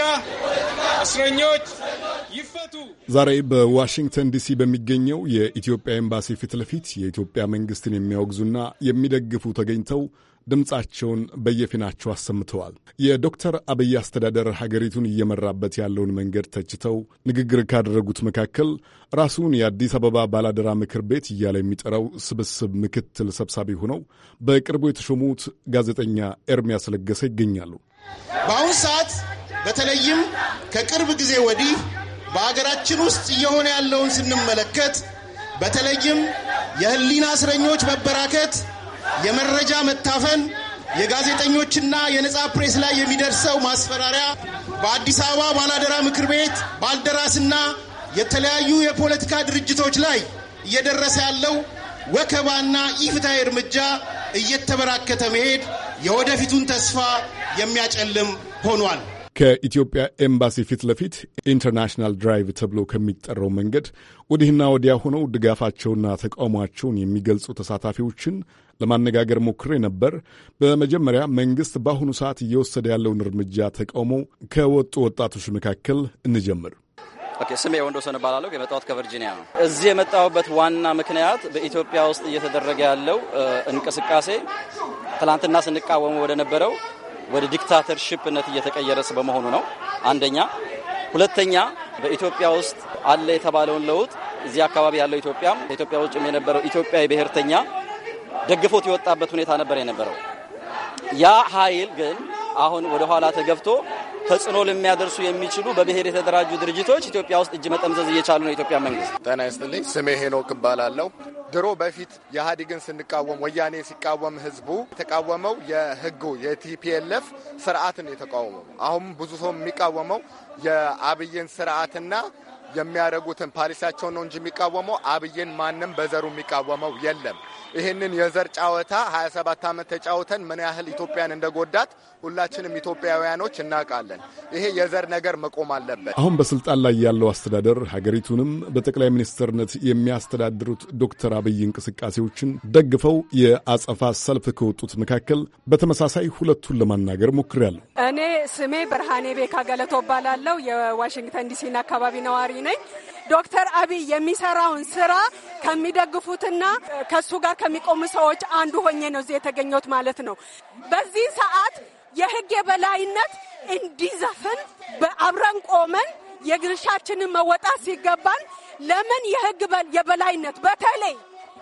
እስረኞች ይፈቱ። ዛሬ በዋሽንግተን ዲሲ በሚገኘው የኢትዮጵያ ኤምባሲ ፊት ለፊት የኢትዮጵያ መንግስትን የሚያወግዙና የሚደግፉ ተገኝተው ድምፃቸውን በየፊናቸው አሰምተዋል። የዶክተር አብይ አስተዳደር ሀገሪቱን እየመራበት ያለውን መንገድ ተችተው ንግግር ካደረጉት መካከል ራሱን የአዲስ አበባ ባላደራ ምክር ቤት እያለ የሚጠራው ስብስብ ምክትል ሰብሳቢ ሆነው በቅርቡ የተሾሙት ጋዜጠኛ ኤርሚያስ ለገሰ ይገኛሉ። በአሁን ሰዓት በተለይም ከቅርብ ጊዜ ወዲህ በሀገራችን ውስጥ እየሆነ ያለውን ስንመለከት በተለይም የህሊና እስረኞች መበራከት የመረጃ መታፈን፣ የጋዜጠኞችና የነጻ ፕሬስ ላይ የሚደርሰው ማስፈራሪያ፣ በአዲስ አበባ ባላደራ ምክር ቤት ባልደራስና የተለያዩ የፖለቲካ ድርጅቶች ላይ እየደረሰ ያለው ወከባና ኢፍትሐዊ እርምጃ እየተበራከተ መሄድ የወደፊቱን ተስፋ የሚያጨልም ሆኗል። ከኢትዮጵያ ኤምባሲ ፊት ለፊት ኢንተርናሽናል ድራይቭ ተብሎ ከሚጠራው መንገድ ወዲህና ወዲያ ሆነው ድጋፋቸውና ተቃውሟቸውን የሚገልጹ ተሳታፊዎችን ለማነጋገር ሞክሬ ነበር። በመጀመሪያ መንግስት በአሁኑ ሰዓት እየወሰደ ያለውን እርምጃ ተቃውሞ ከወጡ ወጣቶች መካከል እንጀምር። ስሜ ወንዶሰን እባላለሁ። የመጣሁት ከቨርጂኒያ ነው። እዚህ የመጣሁበት ዋና ምክንያት በኢትዮጵያ ውስጥ እየተደረገ ያለው እንቅስቃሴ ትላንትና ስንቃወሙ ወደ ነበረው ወደ ዲክታተርሺፕነት እየተቀየረ በመሆኑ ነው። አንደኛ። ሁለተኛ በኢትዮጵያ ውስጥ አለ የተባለውን ለውጥ እዚህ አካባቢ ያለው ኢትዮጵያም ከኢትዮጵያ ውጭም የነበረው ኢትዮጵያዊ ብሔርተኛ ደግፎት የወጣበት ሁኔታ ነበር የነበረው። ያ ኃይል ግን አሁን ወደ ኋላ ተገብቶ ተጽዕኖ ለሚያደርሱ የሚችሉ በብሔር የተደራጁ ድርጅቶች ኢትዮጵያ ውስጥ እጅ መጠምዘዝ እየቻሉ ነው። ኢትዮጵያ መንግስት ጤና ይስጥልኝ። ስሜ ሄኖክ እባላለሁ። ድሮ በፊት የኢህአዴግን ስንቃወም ወያኔ ሲቃወም ህዝቡ የተቃወመው የህጉ የቲፒኤልኤፍ ስርዓትን የተቃወመው አሁን ብዙ ሰው የሚቃወመው የአብይን ስርዓትና የሚያደርጉትን ፓሊሲያቸውን ነው እንጂ የሚቃወመው አብይን ማንም በዘሩ የሚቃወመው የለም። ይህንን የዘር ጫወታ 27 ዓመት ተጫውተን ምን ያህል ኢትዮጵያን እንደጎዳት ሁላችንም ኢትዮጵያውያኖች እናውቃለን። ይሄ የዘር ነገር መቆም አለበት። አሁን በስልጣን ላይ ያለው አስተዳደር ሀገሪቱንም በጠቅላይ ሚኒስትርነት የሚያስተዳድሩት ዶክተር አብይ እንቅስቃሴዎችን ደግፈው የአጸፋ ሰልፍ ከወጡት መካከል በተመሳሳይ ሁለቱን ለማናገር ሞክሬያለሁ። እኔ ስሜ ብርሃኔ ቤካ ገለቶ እባላለሁ። የዋሽንግተን ዲሲና አካባቢ ነዋሪ ነኝ። ዶክተር አብይ የሚሰራውን ስራ ከሚደግፉትና ከእሱ ጋር ከሚቆሙ ሰዎች አንዱ ሆኜ ነው እዚህ የተገኘሁት ማለት ነው። በዚህ ሰዓት የህግ የበላይነት እንዲዘፍን በአብረን ቆመን የግርሻችንን መወጣት ሲገባን ለምን የህግ የበላይነት በተለይ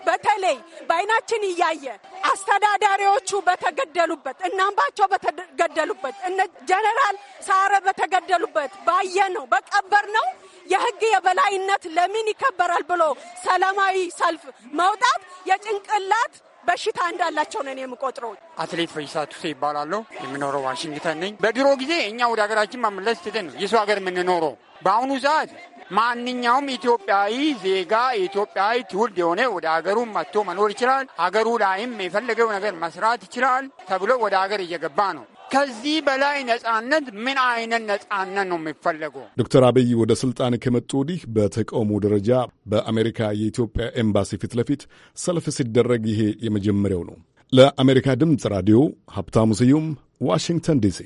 በተለይ በአይናችን እያየ አስተዳዳሪዎቹ በተገደሉበት እናምባቸው በተገደሉበት እነ ጀነራል ሳረ በተገደሉበት ባየ ነው በቀበር ነው የህግ የበላይነት ለምን ይከበራል ብሎ ሰላማዊ ሰልፍ መውጣት የጭንቅላት በሽታ እንዳላቸው ነን የምቆጥረው። አትሌት ፈይሳ ቱሴ ይባላለሁ። የምኖረው ዋሽንግተን ነኝ። በድሮ ጊዜ እኛ ወደ ሀገራችን ማመለስ ትተን ነው የሰው ሀገር የምንኖረው። በአሁኑ ሰዓት ማንኛውም ኢትዮጵያዊ ዜጋ የኢትዮጵያዊ ትውልድ የሆነ ወደ ሀገሩ መጥቶ መኖር ይችላል። ሀገሩ ላይም የፈለገው ነገር መስራት ይችላል ተብሎ ወደ ሀገር እየገባ ነው። ከዚህ በላይ ነጻነት ምን አይነት ነጻነት ነው የሚፈለገው? ዶክተር አብይ ወደ ስልጣን ከመጡ ወዲህ በተቃውሞ ደረጃ በአሜሪካ የኢትዮጵያ ኤምባሲ ፊት ለፊት ሰልፍ ሲደረግ ይሄ የመጀመሪያው ነው። ለአሜሪካ ድምፅ ራዲዮ ሀብታሙ ስዩም ዋሽንግተን ዲሲ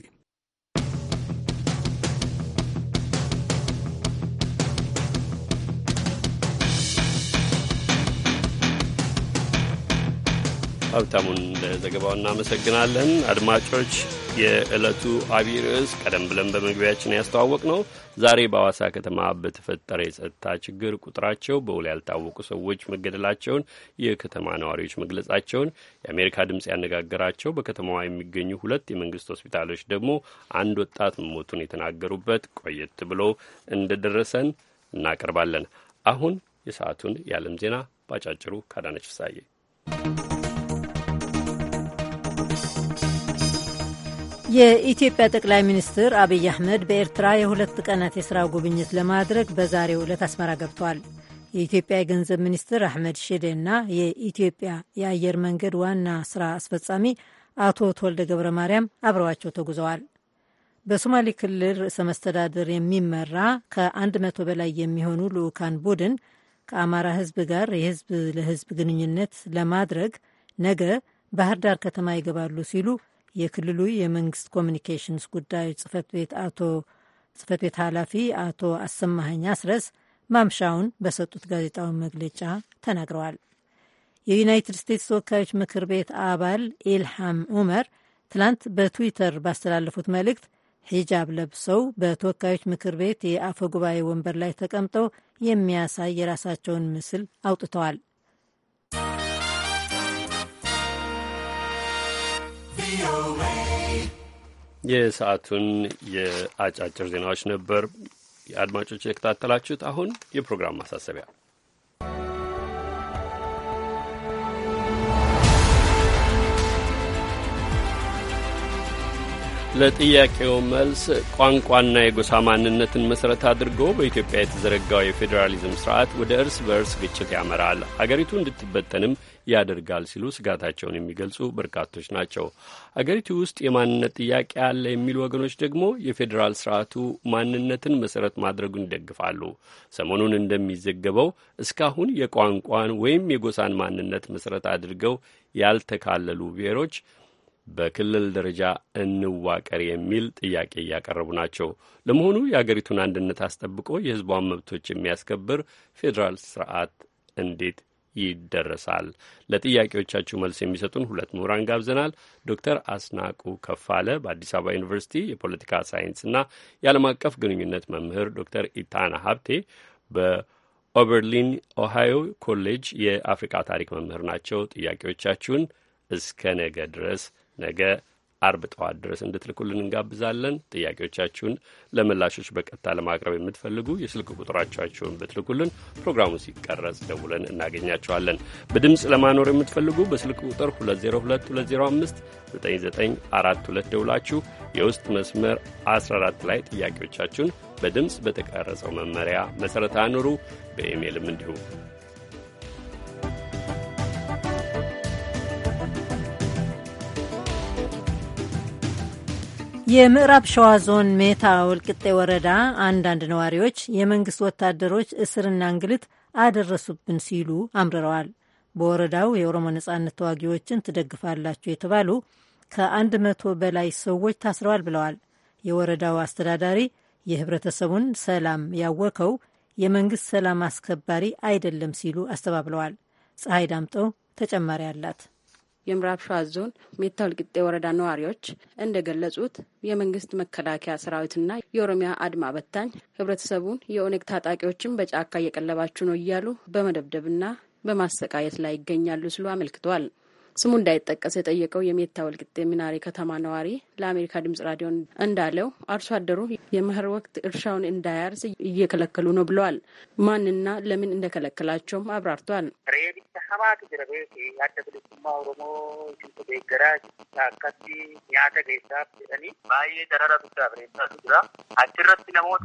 ሀብታሙን ለዘገባው እናመሰግናለን። አድማጮች፣ የዕለቱ አቢርዕስ ርዕስ ቀደም ብለን በመግቢያችን ያስተዋወቅ ነው ዛሬ በአዋሳ ከተማ በተፈጠረ የጸጥታ ችግር ቁጥራቸው በውል ያልታወቁ ሰዎች መገደላቸውን የከተማ ነዋሪዎች መግለጻቸውን የአሜሪካ ድምፅ ያነጋገራቸው በከተማዋ የሚገኙ ሁለት የመንግስት ሆስፒታሎች ደግሞ አንድ ወጣት መሞቱን የተናገሩበት ቆየት ብሎ እንደደረሰን እናቀርባለን። አሁን የሰዓቱን የዓለም ዜና ባጫጭሩ ካዳነች ፍሳዬ የኢትዮጵያ ጠቅላይ ሚኒስትር አብይ አህመድ በኤርትራ የሁለት ቀናት የሥራ ጉብኝት ለማድረግ በዛሬው ዕለት አስመራ ገብቷል። የኢትዮጵያ የገንዘብ ሚኒስትር አህመድ ሽዴ እና የኢትዮጵያ የአየር መንገድ ዋና ሥራ አስፈጻሚ አቶ ተወልደ ገብረ ማርያም አብረዋቸው ተጉዘዋል። በሶማሌ ክልል ርዕሰ መስተዳድር የሚመራ ከአንድ መቶ በላይ የሚሆኑ ልዑካን ቡድን ከአማራ ሕዝብ ጋር የሕዝብ ለሕዝብ ግንኙነት ለማድረግ ነገ ባህር ዳር ከተማ ይገባሉ ሲሉ የክልሉ የመንግስት ኮሚኒኬሽንስ ጉዳዮች ጽፈት ቤት አቶ ጽፈት ቤት ኃላፊ አቶ አሰማኸኝ አስረስ ማምሻውን በሰጡት ጋዜጣዊ መግለጫ ተናግረዋል። የዩናይትድ ስቴትስ ተወካዮች ምክር ቤት አባል ኢልሃም ዑመር ትላንት በትዊተር ባስተላለፉት መልእክት ሂጃብ ለብሰው በተወካዮች ምክር ቤት የአፈ ጉባኤ ወንበር ላይ ተቀምጠው የሚያሳይ የራሳቸውን ምስል አውጥተዋል። የሰዓቱን የአጫጭር ዜናዎች ነበር አድማጮች የተከታተላችሁት። አሁን የፕሮግራም ማሳሰቢያ ለጥያቄው መልስ ቋንቋና የጎሳ ማንነትን መሠረት አድርጎ በኢትዮጵያ የተዘረጋው የፌዴራሊዝም ስርዓት ወደ እርስ በእርስ ግጭት ያመራል፣ አገሪቱ እንድትበተንም ያደርጋል ሲሉ ስጋታቸውን የሚገልጹ በርካቶች ናቸው። አገሪቱ ውስጥ የማንነት ጥያቄ አለ የሚሉ ወገኖች ደግሞ የፌዴራል ስርዓቱ ማንነትን መሰረት ማድረጉን ይደግፋሉ። ሰሞኑን እንደሚዘገበው እስካሁን የቋንቋን ወይም የጎሳን ማንነት መሰረት አድርገው ያልተካለሉ ብሔሮች በክልል ደረጃ እንዋቀር የሚል ጥያቄ እያቀረቡ ናቸው። ለመሆኑ የአገሪቱን አንድነት አስጠብቆ የሕዝቧን መብቶች የሚያስከብር ፌዴራል ስርዓት እንዴት ይደረሳል። ለጥያቄዎቻችሁ መልስ የሚሰጡን ሁለት ምሁራን ጋብዘናል። ዶክተር አስናቁ ከፋለ በአዲስ አበባ ዩኒቨርሲቲ የፖለቲካ ሳይንስና የዓለም አቀፍ ግንኙነት መምህር፣ ዶክተር ኢታና ሀብቴ በኦበርሊን ኦሃዮ ኮሌጅ የአፍሪካ ታሪክ መምህር ናቸው። ጥያቄዎቻችሁን እስከ ነገ ድረስ ነገ አርብ ጠዋት ድረስ እንድትልኩልን እንጋብዛለን። ጥያቄዎቻችሁን ለመላሾች በቀጥታ ለማቅረብ የምትፈልጉ የስልክ ቁጥራቻችሁን ብትልኩልን ፕሮግራሙ ሲቀረጽ ደውለን እናገኛቸዋለን። በድምፅ ለማኖር የምትፈልጉ በስልክ ቁጥር 2022059942 ደውላችሁ የውስጥ መስመር 14 ላይ ጥያቄዎቻችሁን በድምፅ በተቀረጸው መመሪያ መሠረት አኑሩ። በኢሜይልም እንዲሁ የምዕራብ ሸዋ ዞን ሜታ ወልቅጤ ወረዳ አንዳንድ ነዋሪዎች የመንግስት ወታደሮች እስርና እንግልት አደረሱብን ሲሉ አምርረዋል። በወረዳው የኦሮሞ ነጻነት ተዋጊዎችን ትደግፋላችሁ የተባሉ ከአንድ መቶ በላይ ሰዎች ታስረዋል ብለዋል። የወረዳው አስተዳዳሪ የህብረተሰቡን ሰላም ያወከው የመንግስት ሰላም አስከባሪ አይደለም ሲሉ አስተባብለዋል። ፀሐይ ዳምጠው ተጨማሪ አላት። የምዕራብ ሸዋ ዞን ሜታ ወልቂጤ ወረዳ ነዋሪዎች እንደገለጹት የመንግስት መከላከያ ሰራዊትና የኦሮሚያ አድማ በታኝ ህብረተሰቡን የኦነግ ታጣቂዎችን በጫካ እየቀለባችሁ ነው እያሉ በመደብደብና በማሰቃየት ላይ ይገኛሉ ሲሉ አመልክተዋል። ስሙ እንዳይጠቀስ የጠየቀው የሜታ ወልቂጤ ሚናሪ ከተማ ነዋሪ ለአሜሪካ ድምጽ ራዲዮ እንዳለው አርሶ አደሩ የመኸር ወቅት እርሻውን እንዳያርስ እየከለከሉ ነው ብለዋል። ማንና ለምን እንደከለከላቸውም አብራርቷል።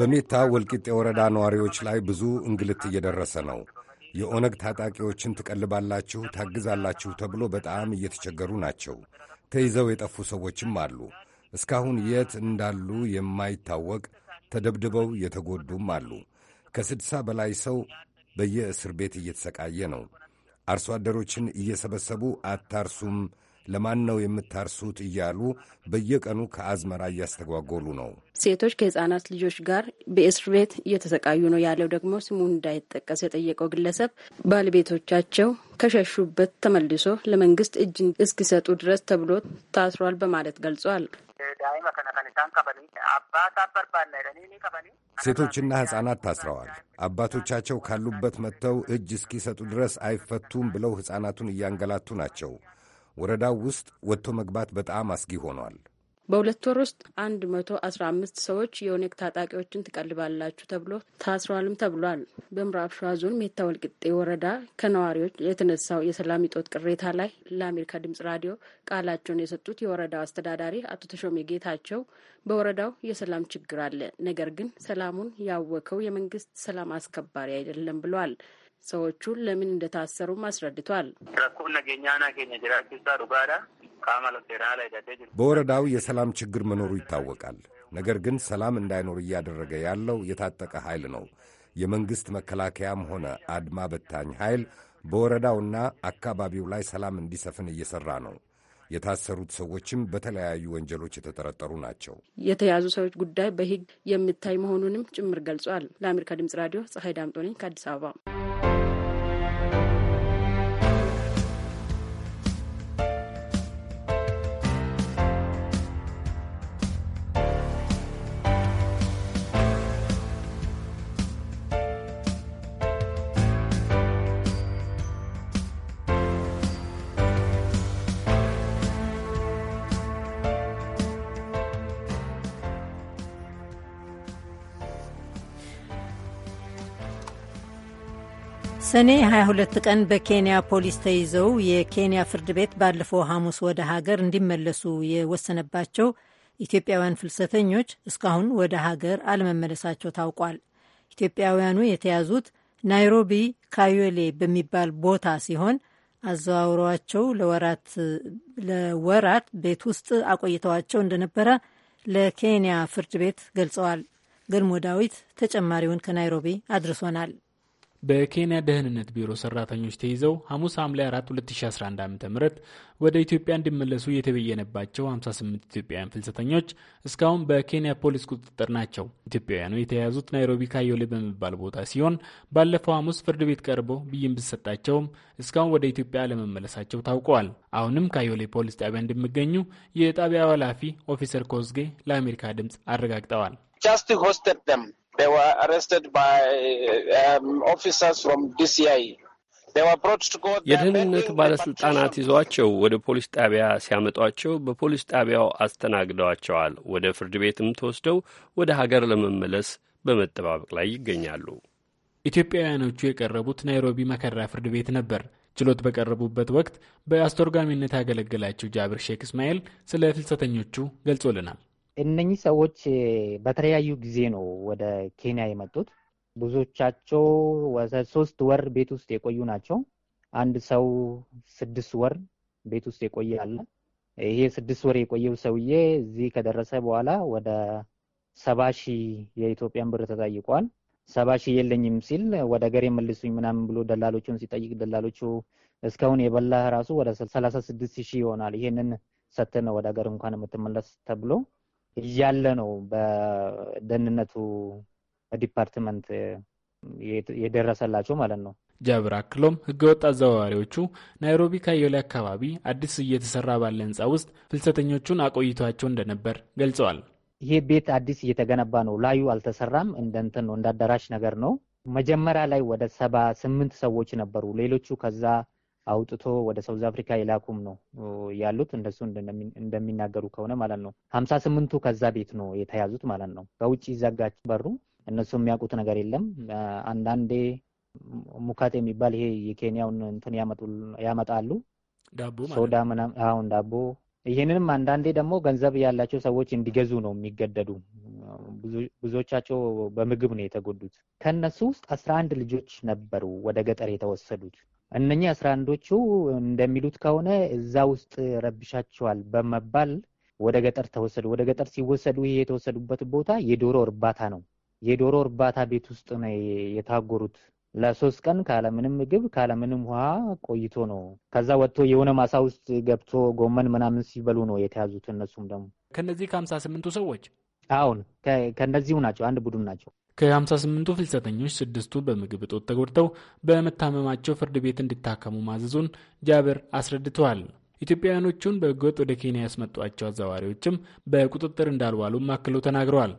በሜታ ወልቂጤ ወረዳ ነዋሪዎች ላይ ብዙ እንግልት እየደረሰ ነው። የኦነግ ታጣቂዎችን ትቀልባላችሁ፣ ታግዛላችሁ ተብሎ በጣም እየተቸገሩ ናቸው። ተይዘው የጠፉ ሰዎችም አሉ። እስካሁን የት እንዳሉ የማይታወቅ ተደብድበው የተጎዱም አሉ። ከስድሳ በላይ ሰው በየእስር ቤት እየተሰቃየ ነው። አርሶ አደሮችን እየሰበሰቡ አታርሱም ለማን ነው የምታርሱት እያሉ በየቀኑ ከአዝመራ እያስተጓጎሉ ነው። ሴቶች ከህጻናት ልጆች ጋር በእስር ቤት እየተሰቃዩ ነው ያለው ደግሞ ስሙ እንዳይጠቀስ የጠየቀው ግለሰብ ባለቤቶቻቸው ከሸሹበት ተመልሶ ለመንግስት እጅ እስኪሰጡ ድረስ ተብሎ ታስሯል በማለት ገልጿል። ሴቶችና ህጻናት ታስረዋል። አባቶቻቸው ካሉበት መጥተው እጅ እስኪሰጡ ድረስ አይፈቱም ብለው ህጻናቱን እያንገላቱ ናቸው። ወረዳው ውስጥ ወጥቶ መግባት በጣም አስጊ ሆኗል። በሁለት ወር ውስጥ አንድ መቶ አስራ አምስት ሰዎች የኦነግ ታጣቂዎችን ትቀልባላችሁ ተብሎ ታስረዋልም ተብሏል። በምዕራብ ሸዋ ዞን ሜታ ወልቂጤ ወረዳ ከነዋሪዎች የተነሳው የሰላም እጦት ቅሬታ ላይ ለአሜሪካ ድምጽ ራዲዮ ቃላቸውን የሰጡት የወረዳው አስተዳዳሪ አቶ ተሾሜ ጌታቸው በወረዳው የሰላም ችግር አለ፣ ነገር ግን ሰላሙን ያወከው የመንግስት ሰላም አስከባሪ አይደለም ብሏል። ሰዎቹን ለምን እንደታሰሩም አስረድቷል። በወረዳው የሰላም ችግር መኖሩ ይታወቃል። ነገር ግን ሰላም እንዳይኖር እያደረገ ያለው የታጠቀ ኃይል ነው። የመንግሥት መከላከያም ሆነ አድማ በታኝ ኃይል በወረዳውና አካባቢው ላይ ሰላም እንዲሰፍን እየሠራ ነው። የታሰሩት ሰዎችም በተለያዩ ወንጀሎች የተጠረጠሩ ናቸው። የተያዙ ሰዎች ጉዳይ በሕግ የሚታይ መሆኑንም ጭምር ገልጿል። ለአሜሪካ ድምጽ ራዲዮ ፀሐይ ዳምጦ ነኝ ከአዲስ አበባ ሰኔ 22 ቀን በኬንያ ፖሊስ ተይዘው የኬንያ ፍርድ ቤት ባለፈው ሐሙስ ወደ ሀገር እንዲመለሱ የወሰነባቸው ኢትዮጵያውያን ፍልሰተኞች እስካሁን ወደ ሀገር አለመመለሳቸው ታውቋል። ኢትዮጵያውያኑ የተያዙት ናይሮቢ ካዮሌ በሚባል ቦታ ሲሆን አዘዋውሯቸው ለወራት ቤት ውስጥ አቆይተዋቸው እንደነበረ ለኬንያ ፍርድ ቤት ገልጸዋል። ገልሞ ዳዊት ተጨማሪውን ከናይሮቢ አድርሶናል። በኬንያ ደህንነት ቢሮ ሰራተኞች ተይዘው ሐሙስ ሐምሌ 4 2011 ዓ ም ወደ ኢትዮጵያ እንዲመለሱ የተበየነባቸው 58 ኢትዮጵያውያን ፍልሰተኞች እስካሁን በኬንያ ፖሊስ ቁጥጥር ናቸው። ኢትዮጵያውያኑ የተያዙት ናይሮቢ ካዮሌ በሚባል ቦታ ሲሆን ባለፈው ሐሙስ ፍርድ ቤት ቀርበው ብይን ቢሰጣቸውም እስካሁን ወደ ኢትዮጵያ አለመመለሳቸው ታውቀዋል። አሁንም ካዮሌ ፖሊስ ጣቢያ እንደሚገኙ የጣቢያው ኃላፊ ኦፊሰር ኮዝጌ ለአሜሪካ ድምፅ አረጋግጠዋል። They were arrested by um, officers from DCI. የደህንነት ባለስልጣናት ይዟቸው ወደ ፖሊስ ጣቢያ ሲያመጧቸው በፖሊስ ጣቢያው አስተናግደዋቸዋል። ወደ ፍርድ ቤትም ተወስደው ወደ ሀገር ለመመለስ በመጠባበቅ ላይ ይገኛሉ። ኢትዮጵያውያኖቹ የቀረቡት ናይሮቢ መከራ ፍርድ ቤት ነበር። ችሎት በቀረቡበት ወቅት በአስተርጓሚነት ያገለገላቸው ጃብር ሼክ እስማኤል ስለ ፍልሰተኞቹ ገልጾልናል። እነኚህ ሰዎች በተለያዩ ጊዜ ነው ወደ ኬንያ የመጡት። ብዙዎቻቸው ሶስት ወር ቤት ውስጥ የቆዩ ናቸው። አንድ ሰው ስድስት ወር ቤት ውስጥ የቆየ አለ። ይሄ ስድስት ወር የቆየው ሰውዬ እዚህ ከደረሰ በኋላ ወደ ሰባ ሺህ የኢትዮጵያን ብር ተጠይቋል። ሰባ ሺህ የለኝም ሲል ወደ ገር የመልሱኝ ምናምን ብሎ ደላሎቹን ሲጠይቅ ደላሎቹ እስካሁን የበላህ ራሱ ወደ ሰላሳ ስድስት ሺህ ይሆናል ይሄንን ሰጥተህ ወደ ሀገር እንኳን የምትመለስ ተብሎ እያለ ነው በደህንነቱ ዲፓርትመንት የደረሰላቸው ማለት ነው። ጃብር አክሎም ህገወጥ አዘዋዋሪዎቹ ናይሮቢ ካዮሌ አካባቢ አዲስ እየተሰራ ባለ ህንፃ ውስጥ ፍልሰተኞቹን አቆይቷቸው እንደነበር ገልጸዋል። ይሄ ቤት አዲስ እየተገነባ ነው። ላዩ አልተሰራም። እንደንትን ነው፣ እንደ አዳራሽ ነገር ነው። መጀመሪያ ላይ ወደ ሰባ ስምንት ሰዎች ነበሩ። ሌሎቹ ከዛ አውጥቶ ወደ ሳውዝ አፍሪካ የላኩም ነው ያሉት እንደሱ እንደሚናገሩ ከሆነ ማለት ነው። ሀምሳ ስምንቱ ከዛ ቤት ነው የተያዙት ማለት ነው። በውጭ ይዘጋች በሩ እነሱ የሚያውቁት ነገር የለም። አንዳንዴ ሙካት የሚባል ይሄ የኬንያውን እንትን ያመጣሉ ሶዳ ምናምን ዳቦ ይህንንም አንዳንዴ ደግሞ ገንዘብ ያላቸው ሰዎች እንዲገዙ ነው የሚገደዱ። ብዙዎቻቸው በምግብ ነው የተጎዱት። ከእነሱ ውስጥ አስራ አንድ ልጆች ነበሩ ወደ ገጠር የተወሰዱት። እነኚህ አስራ አንዶቹ እንደሚሉት ከሆነ እዛ ውስጥ ረብሻቸዋል በመባል ወደ ገጠር ተወሰዱ። ወደ ገጠር ሲወሰዱ ይህ የተወሰዱበት ቦታ የዶሮ እርባታ ነው። የዶሮ እርባታ ቤት ውስጥ ነው የታጎሩት። ለሶስት ቀን ካለምንም ምግብ ካለምንም ውሃ ቆይቶ ነው። ከዛ ወጥቶ የሆነ ማሳ ውስጥ ገብቶ ጎመን ምናምን ሲበሉ ነው የተያዙት። እነሱም ደግሞ ከነዚህ ከሀምሳ ስምንቱ ሰዎች አሁን ከእነዚሁ ናቸው፣ አንድ ቡድን ናቸው። ከ58ቱ ፍልሰተኞች ስድስቱ በምግብ እጦት ተጎድተው በመታመማቸው ፍርድ ቤት እንዲታከሙ ማዘዙን ጃብር አስረድተዋል። ኢትዮጵያውያኖቹን በህገወጥ ወደ ኬንያ ያስመጧቸው አዛዋሪዎችም በቁጥጥር እንዳልዋሉም አክለው ተናግረዋል።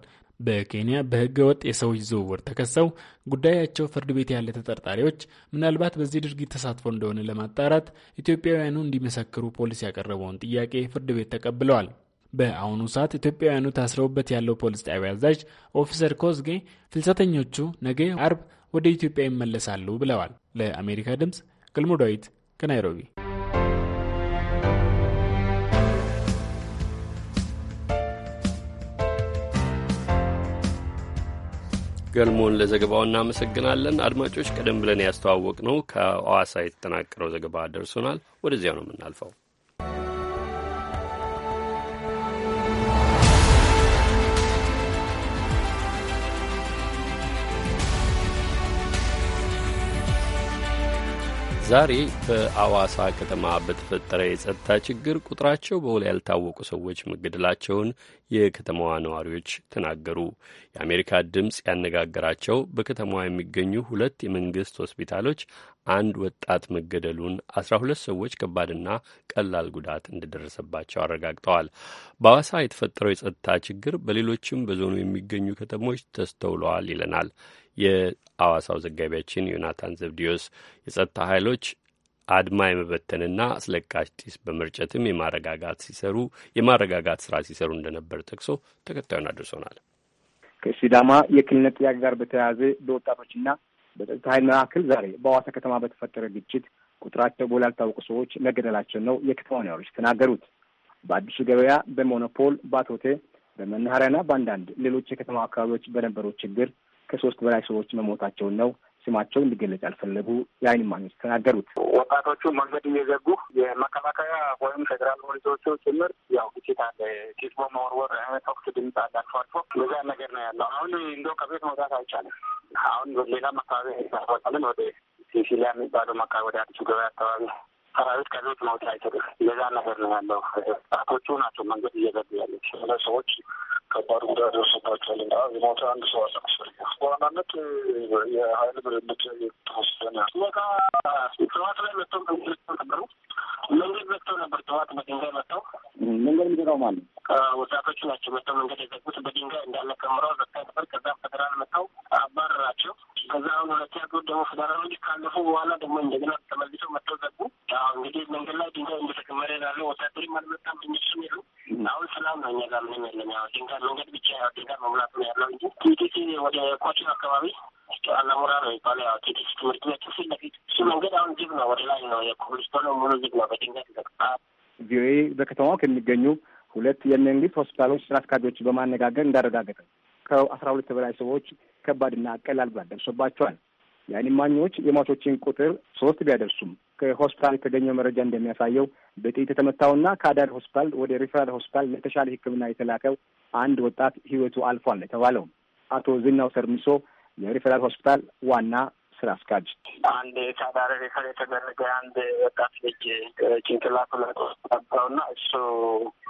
በኬንያ በህገ ወጥ የሰዎች ዝውውር ተከሰው ጉዳያቸው ፍርድ ቤት ያለ ተጠርጣሪዎች ምናልባት በዚህ ድርጊት ተሳትፎ እንደሆነ ለማጣራት ኢትዮጵያውያኑ እንዲመሰክሩ ፖሊስ ያቀረበውን ጥያቄ ፍርድ ቤት ተቀብለዋል። በአሁኑ ሰዓት ኢትዮጵያውያኑ ታስረውበት ያለው ፖሊስ ጣቢያ አዛዥ ኦፊሰር ኮዝጌ ፍልሰተኞቹ ነገ አርብ ወደ ኢትዮጵያ ይመለሳሉ ብለዋል። ለአሜሪካ ድምፅ ገልሞ ዳዊት ከናይሮቢ። ገልሞን ለዘገባው እናመሰግናለን። አድማጮች፣ ቀደም ብለን ያስተዋወቅ ነው ከአዋሳ የተጠናቀረው ዘገባ ደርሶናል። ወደዚያው ነው የምናልፈው። ዛሬ በአዋሳ ከተማ በተፈጠረ የጸጥታ ችግር ቁጥራቸው በውል ያልታወቁ ሰዎች መገደላቸውን የከተማዋ ነዋሪዎች ተናገሩ። የአሜሪካ ድምፅ ያነጋገራቸው በከተማዋ የሚገኙ ሁለት የመንግስት ሆስፒታሎች አንድ ወጣት መገደሉን፣ አስራ ሁለት ሰዎች ከባድና ቀላል ጉዳት እንደደረሰባቸው አረጋግጠዋል። በአዋሳ የተፈጠረው የጸጥታ ችግር በሌሎችም በዞኑ የሚገኙ ከተሞች ተስተውለዋል ይለናል የአዋሳው ዘጋቢያችን ዮናታን ዘብዲዮስ የጸጥታ ኃይሎች አድማ የመበተንና አስለቃሽ ጢስ በመርጨትም የማረጋጋት ሲሰሩ የማረጋጋት ስራ ሲሰሩ እንደነበር ጠቅሶ ተከታዩን አድርሶናል። ከሲዳማ የክልል ጥያቄ ጋር በተያያዘ በወጣቶችና በጸጥታ ኃይል መካከል ዛሬ በአዋሳ ከተማ በተፈጠረ ግጭት ቁጥራቸው ጎላ ያልታወቁ ሰዎች መገደላቸው ነው የከተማ ነዋሪዎች ተናገሩት። በአዲሱ ገበያ፣ በሞኖፖል፣ በአቶቴ፣ በመናኸሪያና በአንዳንድ ሌሎች የከተማ አካባቢዎች በነበረው ችግር ከሶስት በላይ ሰዎች መሞታቸውን ነው ስማቸው እንዲገለጽ ያልፈለጉ የአይን እማኞች ተናገሩት። ወጣቶቹ መንገድ እየዘጉ የመከላከያ ወይም ፌዴራል ፖሊሶቹ ጭምር ያው ግጭት አለ፣ ኪስ በመወርወር ተኩስ ድምፅ አለ አልፎ አልፎ በዛ ነገር ነው ያለው። አሁን እንደው ከቤት መውጣት አይቻልም። አሁን ሌላም አካባቢ ወደ ሲሲሊያ የሚባለው አካባቢ ወደ አዲሱ ገበያ አካባቢ ሰራዊት ከቤት ማውጫ አይችልም። እንደዛ ነገር ነው ያለው። ጣቶቹ ናቸው መንገድ እየዘጉ ያሉት ለ ሰዎች ከባድ ጉዳት ደርሶባቸዋል። የሞተ አንድ ሰው አለ። በዋናነት የሀይል እርምጃ እየተወሰነ በጣም ሰባት ላይ መጥተው ነበሩ መንገድ መጥተው ነበር። ጠዋት በድንጋይ መጥተው መንገድ የሚዘጋው ማለት ወጣቶቹ ናቸው። መጥተው መንገድ የዘጉት በድንጋይ እንዳለ ከምረው ዘጋ ነበር። ከዛ ፌደራል መጥተው አባረራቸው። ከዛ አሁን ሁለተኛ ዙር ደግሞ ፌደራሎች ካለፉ በኋላ ደግሞ እንደገና ተመልሰው መጥተው ዘጉ። እንግዲህ መንገድ ላይ ድንጋይ እንደተከመረ ላለ ወታደርም አልመጣም፣ እነሱም የሉ። አሁን ሰላም ነው። እኛ ጋር ምንም የለም። ያው ድንጋይ መንገድ ብቻ ድንጋይ መሙላት ነው ያለው እንጂ ቲቲሲ ወደ ኮቺ አካባቢ አላሙራ ነው የሚባለው ያው ቴክስ ትምህርት ቤት ፊት ለፊት እሱ መንገድ አሁን ዝግ ነው፣ ወደ ላይ ነው። የኮብልስቶን ሙሉ ዝግ ነው፣ በድንገት ይዘግታል። ቪኦኤ በከተማ ከሚገኙ ሁለት የመንግስት ሆስፒታሎች ስራ አስኪያጆች በማነጋገር እንዳረጋገጠ ከአስራ ሁለት በላይ ሰዎች ከባድና ቀላል ጉዳት ደርሶባቸዋል። የዓይን እማኞች የሟቾችን ቁጥር ሶስት ቢያደርሱም ከሆስፒታል የተገኘው መረጃ እንደሚያሳየው በጥይት የተመታውና ከአዳር ሆስፒታል ወደ ሪፈራል ሆስፒታል ለተሻለ ሕክምና የተላከው አንድ ወጣት ህይወቱ አልፏል የተባለው አቶ ዝናው ሰርሚሶ የሪፈራል ሆስፒታል ዋና ስራ አስኪያጅ አንድ የሳዳር ሪፈር የተደረገ አንድ ወጣት ልጅ ጭንቅላቱ ላይ ተጠባውና እሱ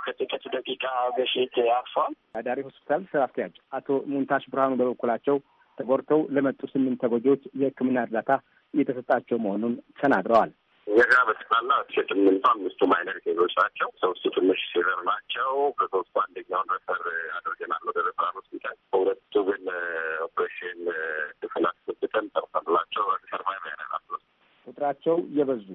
ከጥቂት ደቂቃ በፊት አርፏል። አዳሪ ሆስፒታል ስራ አስኪያጅ አቶ ሙንታሽ ብርሃኑ በበኩላቸው ተጎድተው ለመጡ ስምንት ተጎጂዎች የሕክምና እርዳታ እየተሰጣቸው መሆኑን ተናግረዋል። ወዳ በጠቅላላ ሸጥም እንኳ አምስቱ ማይነር ኬዞች ናቸው። ሶስቱ ትንሽ ሲዘር ናቸው። ከሶስቱ አንደኛውን ረፈር አድርገናል ወደ ሬፈራል ሆስፒታል። ሁለቱ ግን ኦፕሬሽን ክፍል አስገብተን ጠርፈንላቸው ሰርቫይቭ ያደናል። ቁጥራቸው የበዙ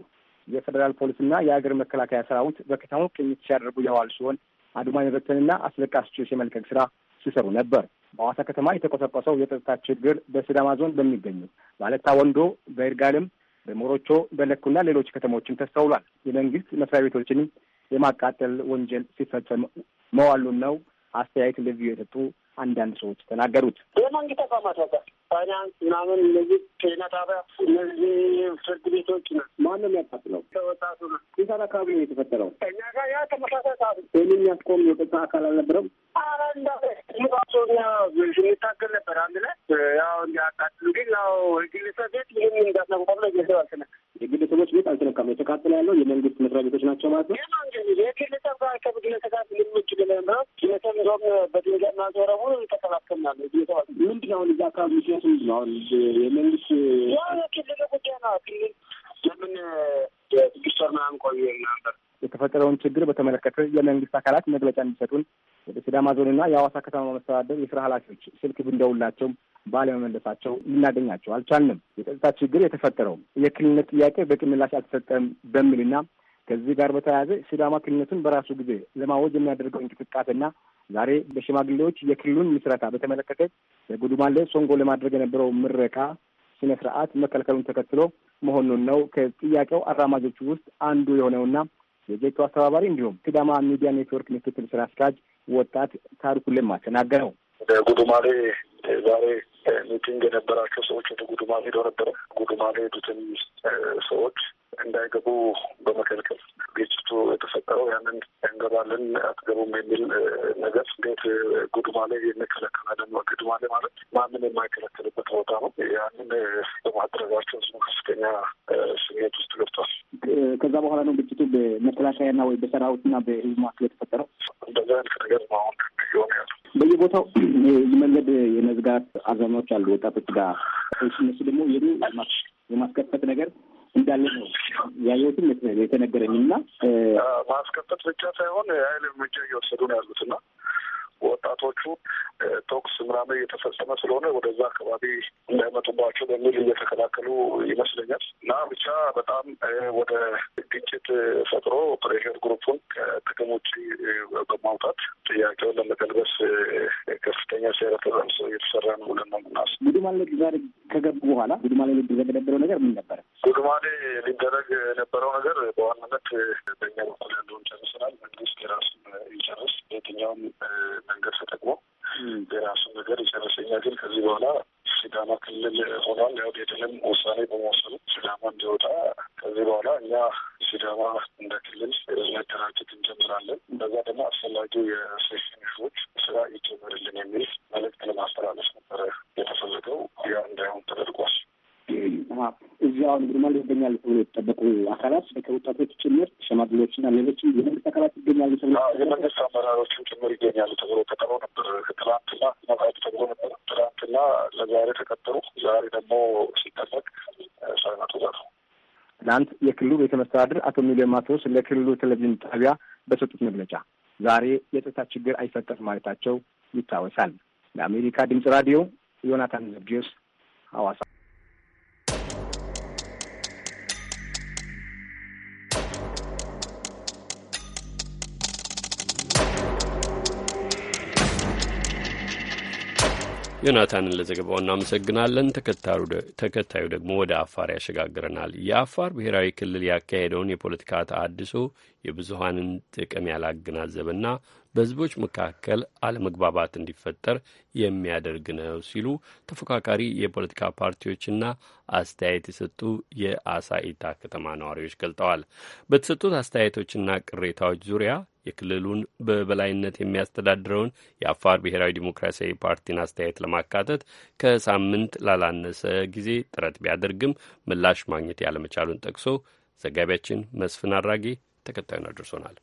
የፌዴራል ፖሊስና የሀገር መከላከያ ሰራዊት በከተማው ቅኝት ሲያደርጉ የዋሉ ሲሆን አድማ የመበተንና አስለቃሽ ጭስ የመልቀቅ ስራ ሲሰሩ ነበር። በሐዋሳ ከተማ የተቆሰቆሰው የጸጥታ ችግር በሲዳማ ዞን በሚገኙ ባለታ ወንዶ፣ በይርጋለም በሞሮቾ በለኩና ሌሎች ከተሞችም ተስተውሏል። የመንግስት መስሪያ ቤቶችንም የማቃጠል ወንጀል ሲፈጸም መዋሉን ነው አስተያየት ለቪኦኤ የሰጡ አንዳንድ ሰዎች ተናገሩት። የመንግስት ተቋማት በቃ ፋይናንስ ምናምን፣ እነዚህ ጤና ጣቢያ፣ እነዚህ ፍርድ ቤቶች ነው። ማንም ነው ተወጣቱ ነው። የሳት አካባቢ ነው የተፈጠረው። እኛ ጋር ያ ተመሳሳይ ሰዓት ይህን የሚያስቆም የቁጣ አካል አልነበረም። የሚታገል ነበር አንድ ላይ ያው እንዲያቃጥሉ ግን ያው ግለሰብ ቤት ይህን እንዳስነቁቆም ነው ገሰብ አልችለ የግለሰቦች ቤት አልተነካም። የተቃጠለ ያለው የመንግስት መስሪያ ቤቶች ናቸው ማለት ነው። የግለሰብ ጋር ከግለሰብ ጋር ልምች ግለሰብ ግለሰብ ዞም በድንጋይ ማዞረቡ ሆኖ የተከላከልናል ምንድን ነው እዛ አካባቢ ምክንያቱ ምንድን ነው? አሁን የመንግስት ክልል ጉዳይ ነው። ክልል ለምን የስድስት ወር ምናምን ቆዩ ነበር። የተፈጠረውን ችግር በተመለከተ የመንግስት አካላት መግለጫ እንዲሰጡን ሲዳማ ዞንና የአዋሳ ከተማ መስተዳደር የስራ ኃላፊዎች ስልክ ብንደውላቸው ባለመመለሳቸው ልናገኛቸው አልቻልንም። የጸጥታ ችግር የተፈጠረው የክልልነት ጥያቄ በቂ ምላሽ አልተሰጠም በሚልና ከዚህ ጋር በተያያዘ ሲዳማ ክልልነቱን በራሱ ጊዜ ለማወጅ የሚያደርገው እንቅስቃሴና ዛሬ በሽማግሌዎች የክልሉን ምስረታ በተመለከተ የጉዱማሌ ሶንጎ ለማድረግ የነበረው ምረቃ ስነ ስርዓት መከልከሉን ተከትሎ መሆኑን ነው ከጥያቄው አራማጆቹ ውስጥ አንዱ የሆነውና የጀቶ አስተባባሪ እንዲሁም ሲዳማ ሚዲያ ኔትወርክ ምክትል ስራ አስኪያጅ ወጣት ታሪኩ ለማ ተናገረው። በጉዱማሌ ዛሬ ሚቲንግ የነበራቸው ሰዎች ወደ ጉዱማ ሄደው ነበረ። ጉዱማ የሄዱትን ሰዎች እንዳይገቡ በመከልከል ግጭቱ የተፈጠረው ያንን እንገባለን አትገቡም የሚል ነገር እንዴት ጉዱማ ላይ እንከለከላለን? ጉዱማ ላይ ማለት ማንም የማይከለከልበት ቦታ ነው። ያንን በማድረጋቸው ህዝቡ ከፍተኛ ስሜት ውስጥ ገብቷል። ከዛ በኋላ ነው ግጭቱ በመከላከያና ወይ በሰራዊትና በህዝብ መካከል የተፈጠረው። እንደዛ አይነት ነገር አሁን እየሆነ ያለው በየቦታው የመንገድ የመዝጋት አዘማ ሙያተኞች አሉ ወጣቶች ጋር እነሱ ደግሞ የሚ የማስከፈት ነገር እንዳለ ነው ያየሁትም የተነገረኝ እና ማስከፈት ብቻ ሳይሆን የሀይል እርምጃ እየወሰዱ ነው ያሉት እና ወጣቶቹ ተኩስ ምናምን እየተፈጸመ ስለሆነ ወደዛ አካባቢ እንዳይመጡባቸው በሚል እየተከላከሉ ይመስለኛል እና ብቻ በጣም ወደ ግጭት ፈጥሮ ፕሬሸር ግሩፑን ከጥቅም ውጭ በማውጣት ጥያቄውን ለመቀልበስ ከፍተኛ ሴራ ተጠምሶ እየተሰራ ነው ብለን ነው ምናስብ። ጉድማሌ ዛሬ ከገቡ በኋላ ጉድማሌ ሊደረግ የነበረው ነገር ምን ነበረ? ጉድማሌ ሊደረግ የነበረው ነገር በዋናነት በእኛ በኩል ያለውን ጨርሰናል። መንግስት የራሱን ይጨርስ። የትኛውም መንገድ ተጠቅሞ የራሱ ነገር የጨረሰኛ ግን ከዚህ በኋላ ሲዳማ ክልል ሆኗል። ያው ዴድልም ውሳኔ በመወሰኑ ሲዳማ እንዲወጣ ከዚህ በኋላ እኛ ሲዳማ እንደ ክልል መደራጀት እንጀምራለን። በዛ ደግሞ አስፈላጊው የሴሽን ህዝቦች ስራ ይጀመርልን የሚል መልእክት ለማስተላለፍ ነበረ የተፈለገው። ያ እንዳይሆን ተደርጓል። እዚያ አሁን ግርማ ይገኛሉ ተብሎ የተጠበቁ አካላት ከወጣቶች ጭምር ሸማግሌዎችና ሌሎችም የመንግስት አካላት ይገኛሉ ተብሎ የመንግስት አመራሮችም ጭምር ይገኛሉ ተብሎ ተጠሩ ነበር። ትላንትና ነቃት ተብሎ ነበር። ትላንትና ለዛሬ ተቀጠሩ። ዛሬ ደግሞ ሲጠበቅ ሳይመጡ ዛቱ ትላንት የክልሉ ቤተ መስተዳድር አቶ ሚሊዮን ማቶስ ለክልሉ ቴሌቪዥን ጣቢያ በሰጡት መግለጫ ዛሬ የጸጥታ ችግር አይፈጠር ማለታቸው ይታወሳል። ለአሜሪካ ድምጽ ራዲዮ ዮናታን ዘብዲዮስ ሐዋሳ ዮናታንን ለዘገባው እናመሰግናለን። ተከታዩ ደግሞ ወደ አፋር ያሸጋግረናል። የአፋር ብሔራዊ ክልል ያካሄደውን የፖለቲካ ተሃድሶ የብዙሀንን ጥቅም ያላገናዘበና በህዝቦች መካከል አለመግባባት እንዲፈጠር የሚያደርግ ነው ሲሉ ተፎካካሪ የፖለቲካ ፓርቲዎችና አስተያየት የሰጡ የአሳኢታ ከተማ ነዋሪዎች ገልጠዋል። በተሰጡት አስተያየቶችና ቅሬታዎች ዙሪያ የክልሉን በበላይነት የሚያስተዳድረውን የአፋር ብሔራዊ ዲሞክራሲያዊ ፓርቲን አስተያየት ለማካተት ከሳምንት ላላነሰ ጊዜ ጥረት ቢያደርግም ምላሽ ማግኘት ያለመቻሉን ጠቅሶ ዘጋቢያችን መስፍን አድራጌ ተከታዩን አድርሶናል።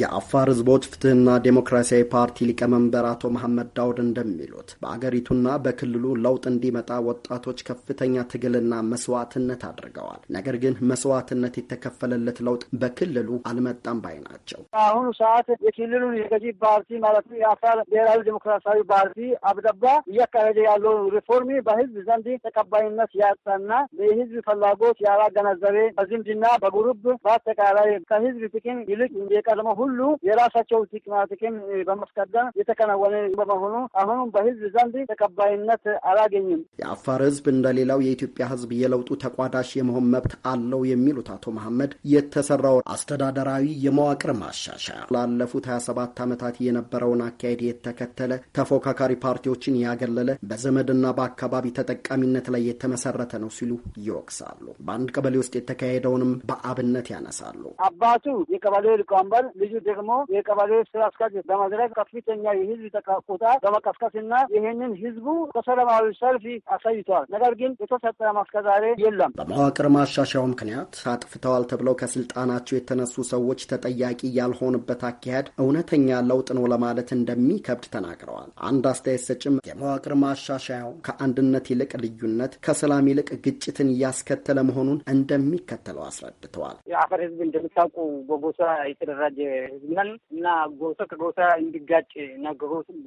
የአፋር ህዝቦች ፍትህና ዴሞክራሲያዊ ፓርቲ ሊቀመንበር አቶ መሐመድ ዳውድ እንደሚሉት በአገሪቱና በክልሉ ለውጥ እንዲመጣ ወጣቶች ከፍተኛ ትግልና መስዋዕትነት አድርገዋል። ነገር ግን መስዋዕትነት የተከፈለለት ለውጥ በክልሉ አልመጣም ባይ ናቸው። በአሁኑ ሰዓት የክልሉን የገዢ ፓርቲ ማለት የአፋር ብሔራዊ ዴሞክራሲያዊ ፓርቲ አብደባ እያካሄደ ያለው ሪፎርሚ በህዝብ ዘንድ ተቀባይነት ያጣና የህዝብ ፍላጎት ያላገናዘበ በዝምድና በጉሩብ በአጠቃላይ ከህዝብ ጥቅም ይልቅ የቀድሞ ሁሉ የራሳቸው ጥቅማ ጥቅም በማስቀደም የተከናወነ በመሆኑ አሁኑም በህዝብ ዘንድ ተቀባይነት አላገኝም። የአፋር ህዝብ እንደሌላው የኢትዮጵያ ህዝብ የለውጡ ተቋዳሽ የመሆን መብት አለው የሚሉት አቶ መሐመድ የተሰራው አስተዳደራዊ የመዋቅር ማሻሻያ ላለፉት 27 ዓመታት የነበረውን አካሄድ የተከተለ ተፎካካሪ ፓርቲዎችን ያገለለ በዘመድና በአካባቢ ተጠቃሚነት ላይ የተመሰረተ ነው ሲሉ ይወቅሳሉ። በአንድ ቀበሌ ውስጥ የተካሄደውንም በአብነት ያነሳሉ። አባቱ የቀበሌ ሊቀመንበር ልዩ ደግሞ የቀበሌዎች ስራ አስኪያጅ ለማድረግ ከፍተኛ የህዝብ ተቃቁታ በመቀስቀስና ይህንን ህዝቡ በሰላማዊ ሰልፍ አሳይተዋል። ነገር ግን የተሰጠ ማስከዛሬ የለም። በመዋቅር ማሻሻያው ምክንያት አጥፍተዋል ተብለው ከስልጣናቸው የተነሱ ሰዎች ተጠያቂ ያልሆንበት አካሄድ እውነተኛ ለውጥ ነው ለማለት እንደሚከብድ ተናግረዋል። አንድ አስተያየት ሰጭም የመዋቅር ማሻሻያው ከአንድነት ይልቅ ልዩነት፣ ከሰላም ይልቅ ግጭትን እያስከተለ መሆኑን እንደሚከተለው አስረድተዋል። የአፈር ህዝብ እንደምታውቁ በጎሳ የተደራጀ ህዝብን እና ጎሳ ከጎሳ እንዲጋጭ እና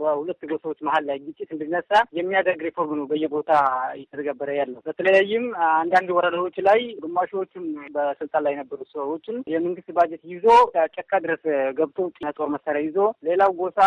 በሁለት ጎሳዎች መሀል ላይ ግጭት እንዲነሳ የሚያደርግ ሪፎርም ነው በየቦታ እየተተገበረ ያለው። በተለያይም አንዳንድ ወረዳዎች ላይ ግማሾቹም በስልጣን ላይ የነበሩ ሰዎችን የመንግስት ባጀት ይዞ ጫካ ድረስ ገብቶ ጦር መሳሪያ ይዞ ሌላው ጎሳ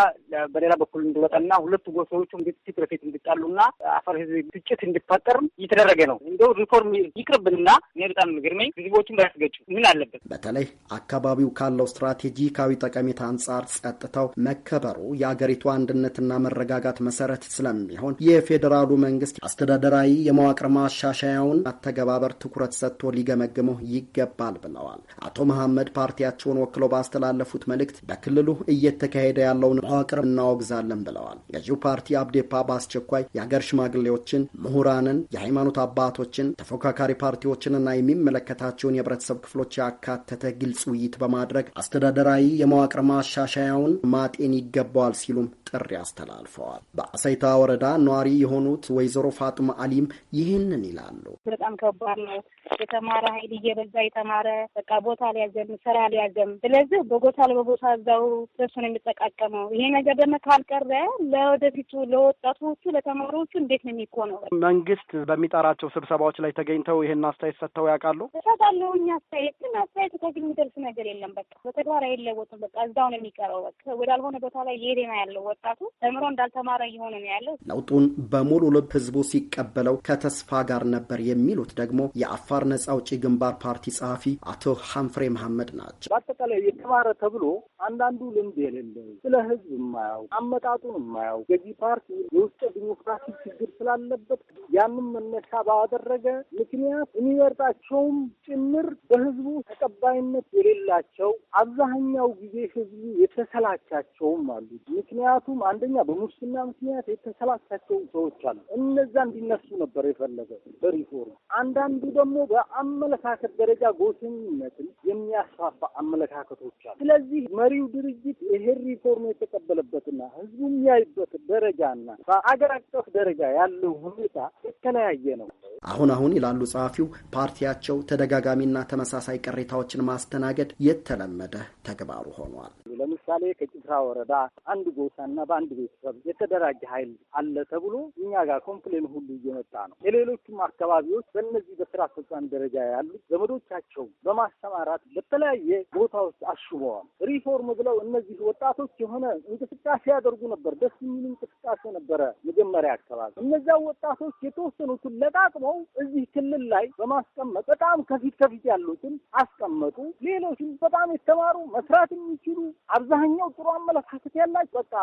በሌላ በኩል እንዲወጣና ሁለቱ ጎሳዎቹ ፊት ለፊት እንዲጣሉና አፈር ህዝብ ግጭት እንዲፈጠር እየተደረገ ነው። እንደው ሪፎርም ይቅርብንና እኔ በጣም ግርመኝ ህዝቦችን ባያስገጩ ምን አለበት። በተለይ አካባቢው ካለው ስትራቴጂ ከፖለቲካዊ ጠቀሜታ አንጻር ጸጥታው መከበሩ የአገሪቱ አንድነትና መረጋጋት መሰረት ስለሚሆን የፌዴራሉ መንግስት አስተዳደራዊ የመዋቅር ማሻሻያውን አተገባበር ትኩረት ሰጥቶ ሊገመግመው ይገባል ብለዋል። አቶ መሐመድ ፓርቲያቸውን ወክለው ባስተላለፉት መልእክት በክልሉ እየተካሄደ ያለውን መዋቅር እናወግዛለን ብለዋል። ገዢው ፓርቲ አብዴፓ በአስቸኳይ የአገር ሽማግሌዎችን፣ ምሁራንን፣ የሃይማኖት አባቶችን፣ ተፎካካሪ ፓርቲዎችንና የሚመለከታቸውን የህብረተሰብ ክፍሎች ያካተተ ግልጽ ውይይት በማድረግ አስተዳደራዊ ላይ የመዋቅር ማሻሻያውን ማጤን ይገባዋል ሲሉም ጥሪ አስተላልፈዋል። በአሰይታ ወረዳ ነዋሪ የሆኑት ወይዘሮ ፋጡማ አሊም ይህንን ይላሉ። በጣም ከባድ ነው። የተማረ ኃይል እየበዛ የተማረ በቃ ቦታ አልያዘም፣ ስራ አልያዘም። ስለዚህ በቦታ ለበቦታ እዛው እሱ ነው የሚጠቃቀመው። ይሄ ነገር ደግሞ ካልቀረ ለወደፊቱ ለወጣቶቹ ለተማሪዎቹ እንዴት ነው የሚኮነው? መንግስት በሚጠራቸው ስብሰባዎች ላይ ተገኝተው ይህን አስተያየት ሰጥተው ያውቃሉ? ሰጣለሁኝ አስተያየት ግን አስተያየት ከግል የሚደርስ ነገር የለም። በቃ በተግባር አይለ አይለወጥም። በቃ እዛው ነው የሚቀረው። በቃ ወዳልሆነ ቦታ ላይ እየሄደ ነው ያለው። ወጣቱ ተምሮ እንዳልተማረ እየሆነ ነው ያለው። ለውጡን በሙሉ ልብ ህዝቡ ሲቀበለው ከተስፋ ጋር ነበር የሚሉት ደግሞ የአፋር ነጻ አውጪ ግንባር ፓርቲ ጸሐፊ አቶ ሃምፍሬ መሐመድ ናቸው። በአጠቃላይ የተማረ ተብሎ አንዳንዱ ልምድ የሌለው ስለ ህዝብ የማያው አመጣጡን የማያው የዚህ ፓርቲ የውስጥ ዲሞክራሲ ችግር ስላለበት ያንም መነሻ ባደረገ ምክንያት የሚመርጣቸውም ጭምር በህዝቡ ተቀባይነት የሌላቸው አብዛኛው በአብዛኛው ጊዜ ህዝቡ የተሰላቻቸውም አሉ። ምክንያቱም አንደኛ በሙስና ምክንያት የተሰላቻቸው ሰዎች አሉ። እነዛ እንዲነሱ ነበር የፈለገ በሪፎርም። አንዳንዱ ደግሞ በአመለካከት ደረጃ ጎሰኝነትን የሚያስፋፋ አመለካከቶች አሉ። ስለዚህ መሪው ድርጅት ይህን ሪፎርም የተቀበለበትና ህዝቡ የሚያይበት ደረጃና በአገር አቀፍ ደረጃ ያለው ሁኔታ የተለያየ ነው። አሁን አሁን ይላሉ ጸሐፊው፣ ፓርቲያቸው ተደጋጋሚና ተመሳሳይ ቅሬታዎችን ማስተናገድ የተለመደ ተግባር ተግባሩ ሆኗል። ለምሳሌ ከጭፍራ ወረዳ አንድ ጎሳና በአንድ ቤተሰብ የተደራጀ ኃይል አለ ተብሎ እኛ ጋር ኮምፕሌን ሁሉ እየመጣ ነው። የሌሎቹም አካባቢዎች በእነዚህ በስራ አስፈጻሚ ደረጃ ያሉ ዘመዶቻቸው በማሰማራት በተለያየ ቦታዎች አሽበዋል። ሪፎርም ብለው እነዚህ ወጣቶች የሆነ እንቅስቃሴ ያደርጉ ነበር። ደስ የሚል እንቅስቃሴ ነበረ መጀመሪያ አካባቢ። እነዚያ ወጣቶች የተወሰኑትን ለጣቅመው እዚህ ክልል ላይ በማስቀመጥ በጣም ከፊት ከፊት ያሉትን አስቀመጡ። ሌሎችም በጣም የተማሩ መስራት መረዳት የሚችሉ አብዛኛው ጥሩ አመለካከት ያላቸው በቃ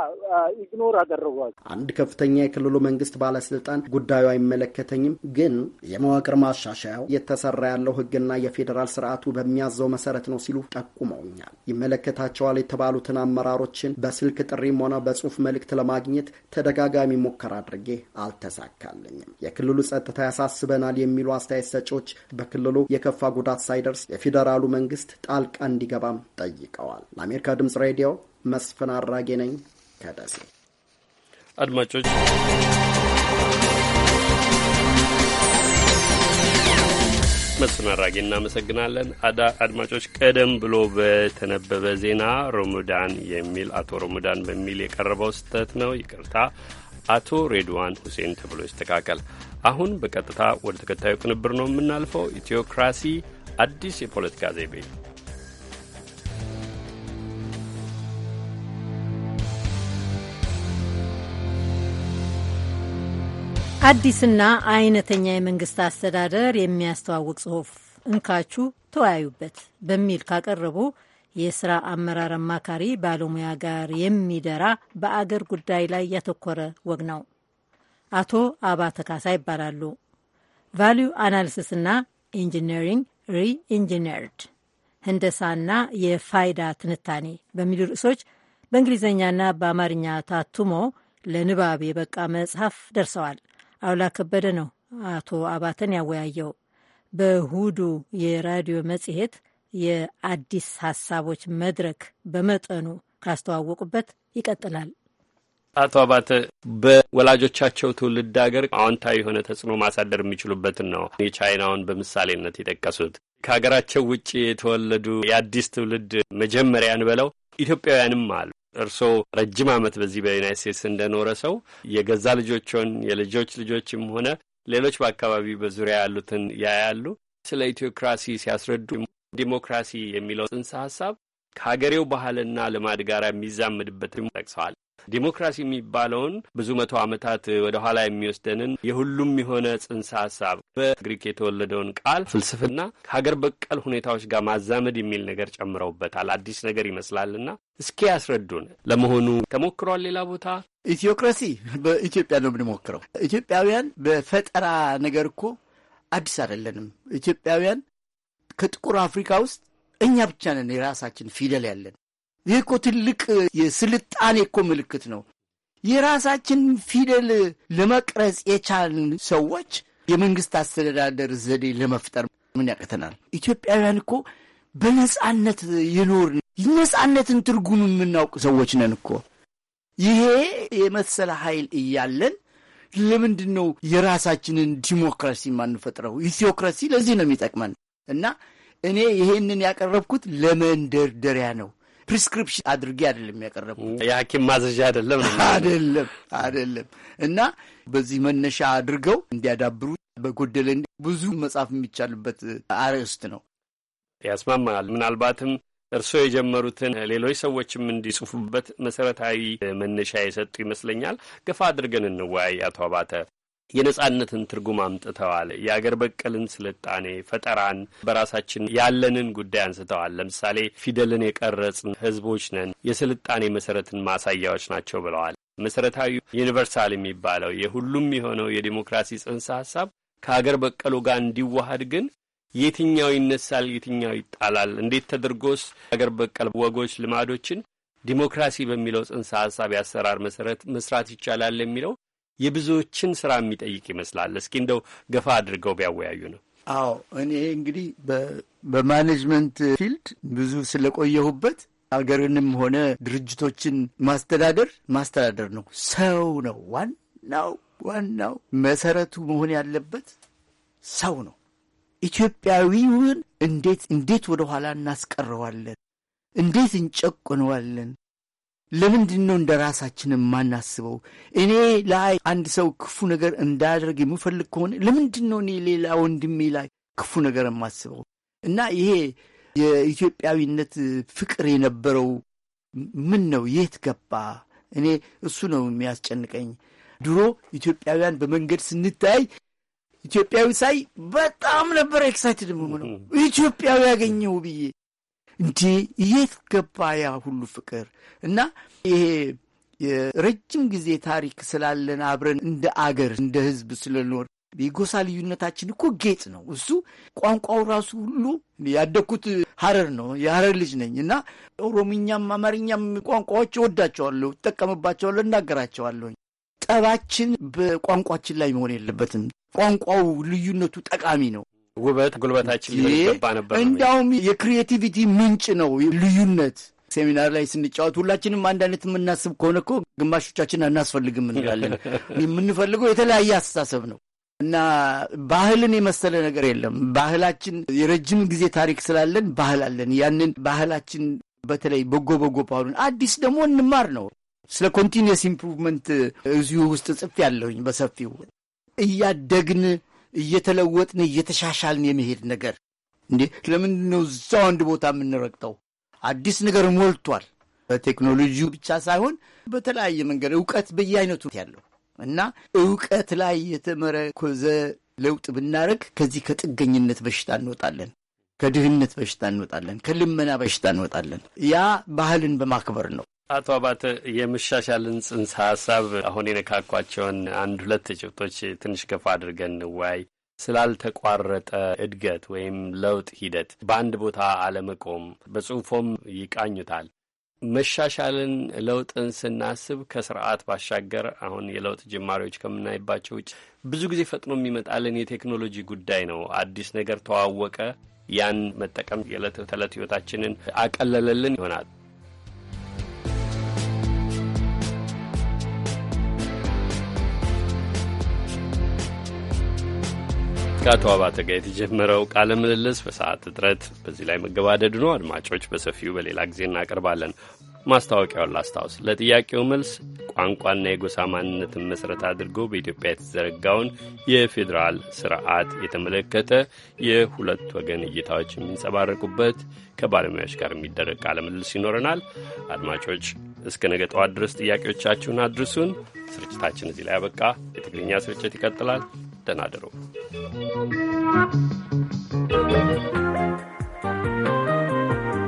ኢግኖር አደረጓል። አንድ ከፍተኛ የክልሉ መንግስት ባለስልጣን ጉዳዩ አይመለከተኝም፣ ግን የመዋቅር ማሻሻያው የተሰራ ያለው ህግና የፌዴራል ስርዓቱ በሚያዘው መሰረት ነው ሲሉ ጠቁመውኛል። ይመለከታቸዋል የተባሉትን አመራሮችን በስልክ ጥሪም ሆነ በጽሁፍ መልእክት ለማግኘት ተደጋጋሚ ሞከር አድርጌ አልተሳካልኝም። የክልሉ ጸጥታ ያሳስበናል የሚሉ አስተያየት ሰጪዎች በክልሉ የከፋ ጉዳት ሳይደርስ የፌዴራሉ መንግስት ጣልቃ እንዲገባም ጠይቀዋል። ገልጸዋል። ለአሜሪካ ድምጽ ሬዲዮ መስፍን አራጌ ነኝ ከደሴ። አድማጮች መስፍን አራጌ እናመሰግናለን። አድማጮች ቀደም ብሎ በተነበበ ዜና ሮሙዳን የሚል አቶ ሮሙዳን በሚል የቀረበው ስህተት ነው። ይቅርታ አቶ ሬድዋን ሁሴን ተብሎ ይስተካከል። አሁን በቀጥታ ወደ ተከታዩ ቅንብር ነው የምናልፈው። ኢትዮክራሲ አዲስ የፖለቲካ ዘይቤ አዲስና አይነተኛ የመንግስት አስተዳደር የሚያስተዋውቅ ጽሑፍ እንካቹ ተወያዩበት በሚል ካቀረቡ የስራ አመራር አማካሪ ባለሙያ ጋር የሚደራ በአገር ጉዳይ ላይ ያተኮረ ወግ ነው። አቶ አባተ ካሳ ይባላሉ። ቫሊዩ አናሊሲስና ኢንጂነሪንግ ሪኢንጂነርድ ህንደሳና የፋይዳ ትንታኔ በሚሉ ርዕሶች በእንግሊዝኛና በአማርኛ ታትሞ ለንባብ የበቃ መጽሐፍ ደርሰዋል። አውላ ከበደ ነው አቶ አባተን ያወያየው። በሁዱ የራዲዮ መጽሔት የአዲስ ሀሳቦች መድረክ በመጠኑ ካስተዋወቁበት ይቀጥላል። አቶ አባተ በወላጆቻቸው ትውልድ ሀገር አዎንታዊ የሆነ ተጽዕኖ ማሳደር የሚችሉበትን ነው የቻይናውን በምሳሌነት የጠቀሱት። ከሀገራቸው ውጭ የተወለዱ የአዲስ ትውልድ መጀመሪያን ብለው ኢትዮጵያውያንም አሉ። እርስዎ ረጅም ዓመት በዚህ በዩናይት ስቴትስ እንደኖረ ሰው የገዛ ልጆችን የልጆች ልጆችም ሆነ ሌሎች በአካባቢ በዙሪያ ያሉትን ያያሉ። ስለ ኢትዮክራሲ ሲያስረዱ ዲሞክራሲ የሚለው ጽንሰ ሀሳብ ከሀገሬው ባህልና ልማድ ጋር የሚዛመድበትም ጠቅሰዋል። ዲሞክራሲ የሚባለውን ብዙ መቶ ዓመታት ወደ ኋላ የሚወስደንን የሁሉም የሆነ ጽንሰ ሀሳብ በግሪክ የተወለደውን ቃል ፍልስፍና ከሀገር በቀል ሁኔታዎች ጋር ማዛመድ የሚል ነገር ጨምረውበታል። አዲስ ነገር ይመስላልና እስኪ ያስረዱን። ለመሆኑ ተሞክሯል ሌላ ቦታ? ኢትዮክራሲ በኢትዮጵያ ነው የምንሞክረው። ኢትዮጵያውያን በፈጠራ ነገር እኮ አዲስ አይደለንም። ኢትዮጵያውያን ከጥቁር አፍሪካ ውስጥ እኛ ብቻ ነን የራሳችን ፊደል ያለን። ይህ እኮ ትልቅ የስልጣኔ እኮ ምልክት ነው። የራሳችን ፊደል ለመቅረጽ የቻልን ሰዎች የመንግስት አስተዳደር ዘዴ ለመፍጠር ምን ያቅተናል? ኢትዮጵያውያን እኮ በነጻነት የኖርን ነጻነትን ትርጉም የምናውቅ ሰዎች ነን እኮ። ይሄ የመሰለ ኃይል እያለን ለምንድን ነው የራሳችንን ዲሞክራሲ ማንፈጥረው? ኢትዮክራሲ ለዚህ ነው የሚጠቅመን እና እኔ ይሄንን ያቀረብኩት ለመንደርደሪያ ነው። ፕሪስክሪፕሽን አድርጌ አይደለም ያቀረብኩት። የሐኪም ማዘዣ አይደለም አይደለም አይደለም። እና በዚህ መነሻ አድርገው እንዲያዳብሩ በጎደለ ብዙ መጻፍ የሚቻልበት አርዕስት ነው። ያስማማል። ምናልባትም እርስዎ የጀመሩትን ሌሎች ሰዎችም እንዲጽፉበት መሰረታዊ መነሻ የሰጡ ይመስለኛል። ገፋ አድርገን እንወያይ። አቶ አባተ የነጻነትን ትርጉም አምጥተዋል። የአገር በቀልን ስልጣኔ ፈጠራን፣ በራሳችን ያለንን ጉዳይ አንስተዋል። ለምሳሌ ፊደልን የቀረጽን ህዝቦች ነን፣ የስልጣኔ መሰረትን ማሳያዎች ናቸው ብለዋል። መሰረታዊ ዩኒቨርሳል የሚባለው የሁሉም የሆነው የዲሞክራሲ ጽንሰ ሀሳብ ከአገር በቀሉ ጋር እንዲዋሃድ ግን የትኛው ይነሳል፣ የትኛው ይጣላል፣ እንዴት ተደርጎስ አገር በቀል ወጎች፣ ልማዶችን ዲሞክራሲ በሚለው ጽንሰ ሀሳብ የአሰራር መሰረት መስራት ይቻላል የሚለው የብዙዎችን ስራ የሚጠይቅ ይመስላል። እስኪ እንደው ገፋ አድርገው ቢያወያዩ ነው። አዎ እኔ እንግዲህ በማኔጅመንት ፊልድ ብዙ ስለቆየሁበት አገርንም ሆነ ድርጅቶችን ማስተዳደር ማስተዳደር ነው። ሰው ነው ዋናው ዋናው መሰረቱ መሆን ያለበት ሰው ነው። ኢትዮጵያዊውን እንዴት እንዴት ወደ ኋላ እናስቀረዋለን? እንዴት እንጨቆነዋለን? ለምንድን ነው እንደ ራሳችን የማናስበው? እኔ ላይ አንድ ሰው ክፉ ነገር እንዳደርግ የምፈልግ ከሆነ ለምንድን ነው እኔ ሌላ ወንድሜ ላይ ክፉ ነገር የማስበው? እና ይሄ የኢትዮጵያዊነት ፍቅር የነበረው ምን ነው የት ገባ? እኔ እሱ ነው የሚያስጨንቀኝ። ድሮ ኢትዮጵያውያን በመንገድ ስንታይ ኢትዮጵያዊ ሳይ በጣም ነበረ ኤክሳይትድ የምሆነው ኢትዮጵያዊ ያገኘው ብዬ እንዴ የት ገባ ያ ሁሉ ፍቅር እና ይሄ የረጅም ጊዜ ታሪክ ስላለን አብረን እንደ አገር እንደ ህዝብ ስለኖር የጎሳ ልዩነታችን እኮ ጌጥ ነው። እሱ ቋንቋው ራሱ ሁሉ ያደግኩት ሀረር ነው፣ የሀረር ልጅ ነኝ እና ኦሮምኛም አማርኛም ቋንቋዎች እወዳቸዋለሁ፣ እጠቀምባቸዋለሁ፣ እናገራቸዋለሁ። ጠባችን በቋንቋችን ላይ መሆን የለበትም። ቋንቋው ልዩነቱ ጠቃሚ ነው። ውበት ጉልበታችን ሊገባ ነበር። እንዲያውም የክሪኤቲቪቲ ምንጭ ነው ልዩነት። ሴሚናር ላይ ስንጫወት ሁላችንም አንድ አይነት የምናስብ ከሆነ እኮ ግማሾቻችን አናስፈልግም እንላለን። የምንፈልገው የተለያየ አስተሳሰብ ነው እና ባህልን የመሰለ ነገር የለም። ባህላችን የረጅም ጊዜ ታሪክ ስላለን ባህል አለን። ያንን ባህላችን በተለይ በጎ በጎ ባህሉን አዲስ ደግሞ እንማር ነው። ስለ ኮንቲኒየስ ኢምፕሩቭመንት እዚሁ ውስጥ ጽፌ ያለሁኝ በሰፊው እያደግን እየተለወጥን እየተሻሻልን የመሄድ ነገር እንዴ፣ ለምንድን ነው እዛው አንድ ቦታ የምንረግጠው? አዲስ ነገር ሞልቷል። በቴክኖሎጂ ብቻ ሳይሆን በተለያየ መንገድ እውቀት በየአይነቱ ያለው እና እውቀት ላይ የተመረኮዘ ለውጥ ብናደረግ ከዚህ ከጥገኝነት በሽታ እንወጣለን፣ ከድህነት በሽታ እንወጣለን፣ ከልመና በሽታ እንወጣለን። ያ ባህልን በማክበር ነው። አቶ አባተ የመሻሻልን ጽንሰ ሀሳብ አሁን የነካኳቸውን አንድ ሁለት ጭብጦች ትንሽ ገፋ አድርገን እንወያይ። ስላልተቋረጠ እድገት ወይም ለውጥ ሂደት በአንድ ቦታ አለመቆም በጽሁፎም ይቃኙታል። መሻሻልን ለውጥን ስናስብ ከስርዓት ባሻገር አሁን የለውጥ ጅማሬዎች ከምናይባቸው ውጭ ብዙ ጊዜ ፈጥኖ የሚመጣልን የቴክኖሎጂ ጉዳይ ነው። አዲስ ነገር ተዋወቀ፣ ያን መጠቀም የዕለት ተዕለት ህይወታችንን አቀለለልን ይሆናል። ከአቶ አባተ ጋር የተጀመረው ቃለ ምልልስ በሰዓት እጥረት በዚህ ላይ መገባደድ ነው። አድማጮች፣ በሰፊው በሌላ ጊዜ እናቀርባለን። ማስታወቂያውን ላስታውስ። ለጥያቄው መልስ ቋንቋና የጎሳ ማንነትን መሠረት አድርጎ በኢትዮጵያ የተዘረጋውን የፌዴራል ስርዓት የተመለከተ የሁለት ወገን እይታዎች የሚንጸባረቁበት ከባለሙያዎች ጋር የሚደረግ ቃለ ምልልስ ይኖረናል። አድማጮች እስከ ነገ ጠዋት ድረስ ጥያቄዎቻችሁን አድርሱን። ስርጭታችን እዚህ ላይ ያበቃ። የትግርኛ ስርጭት ይቀጥላል። ደህና ደሩ።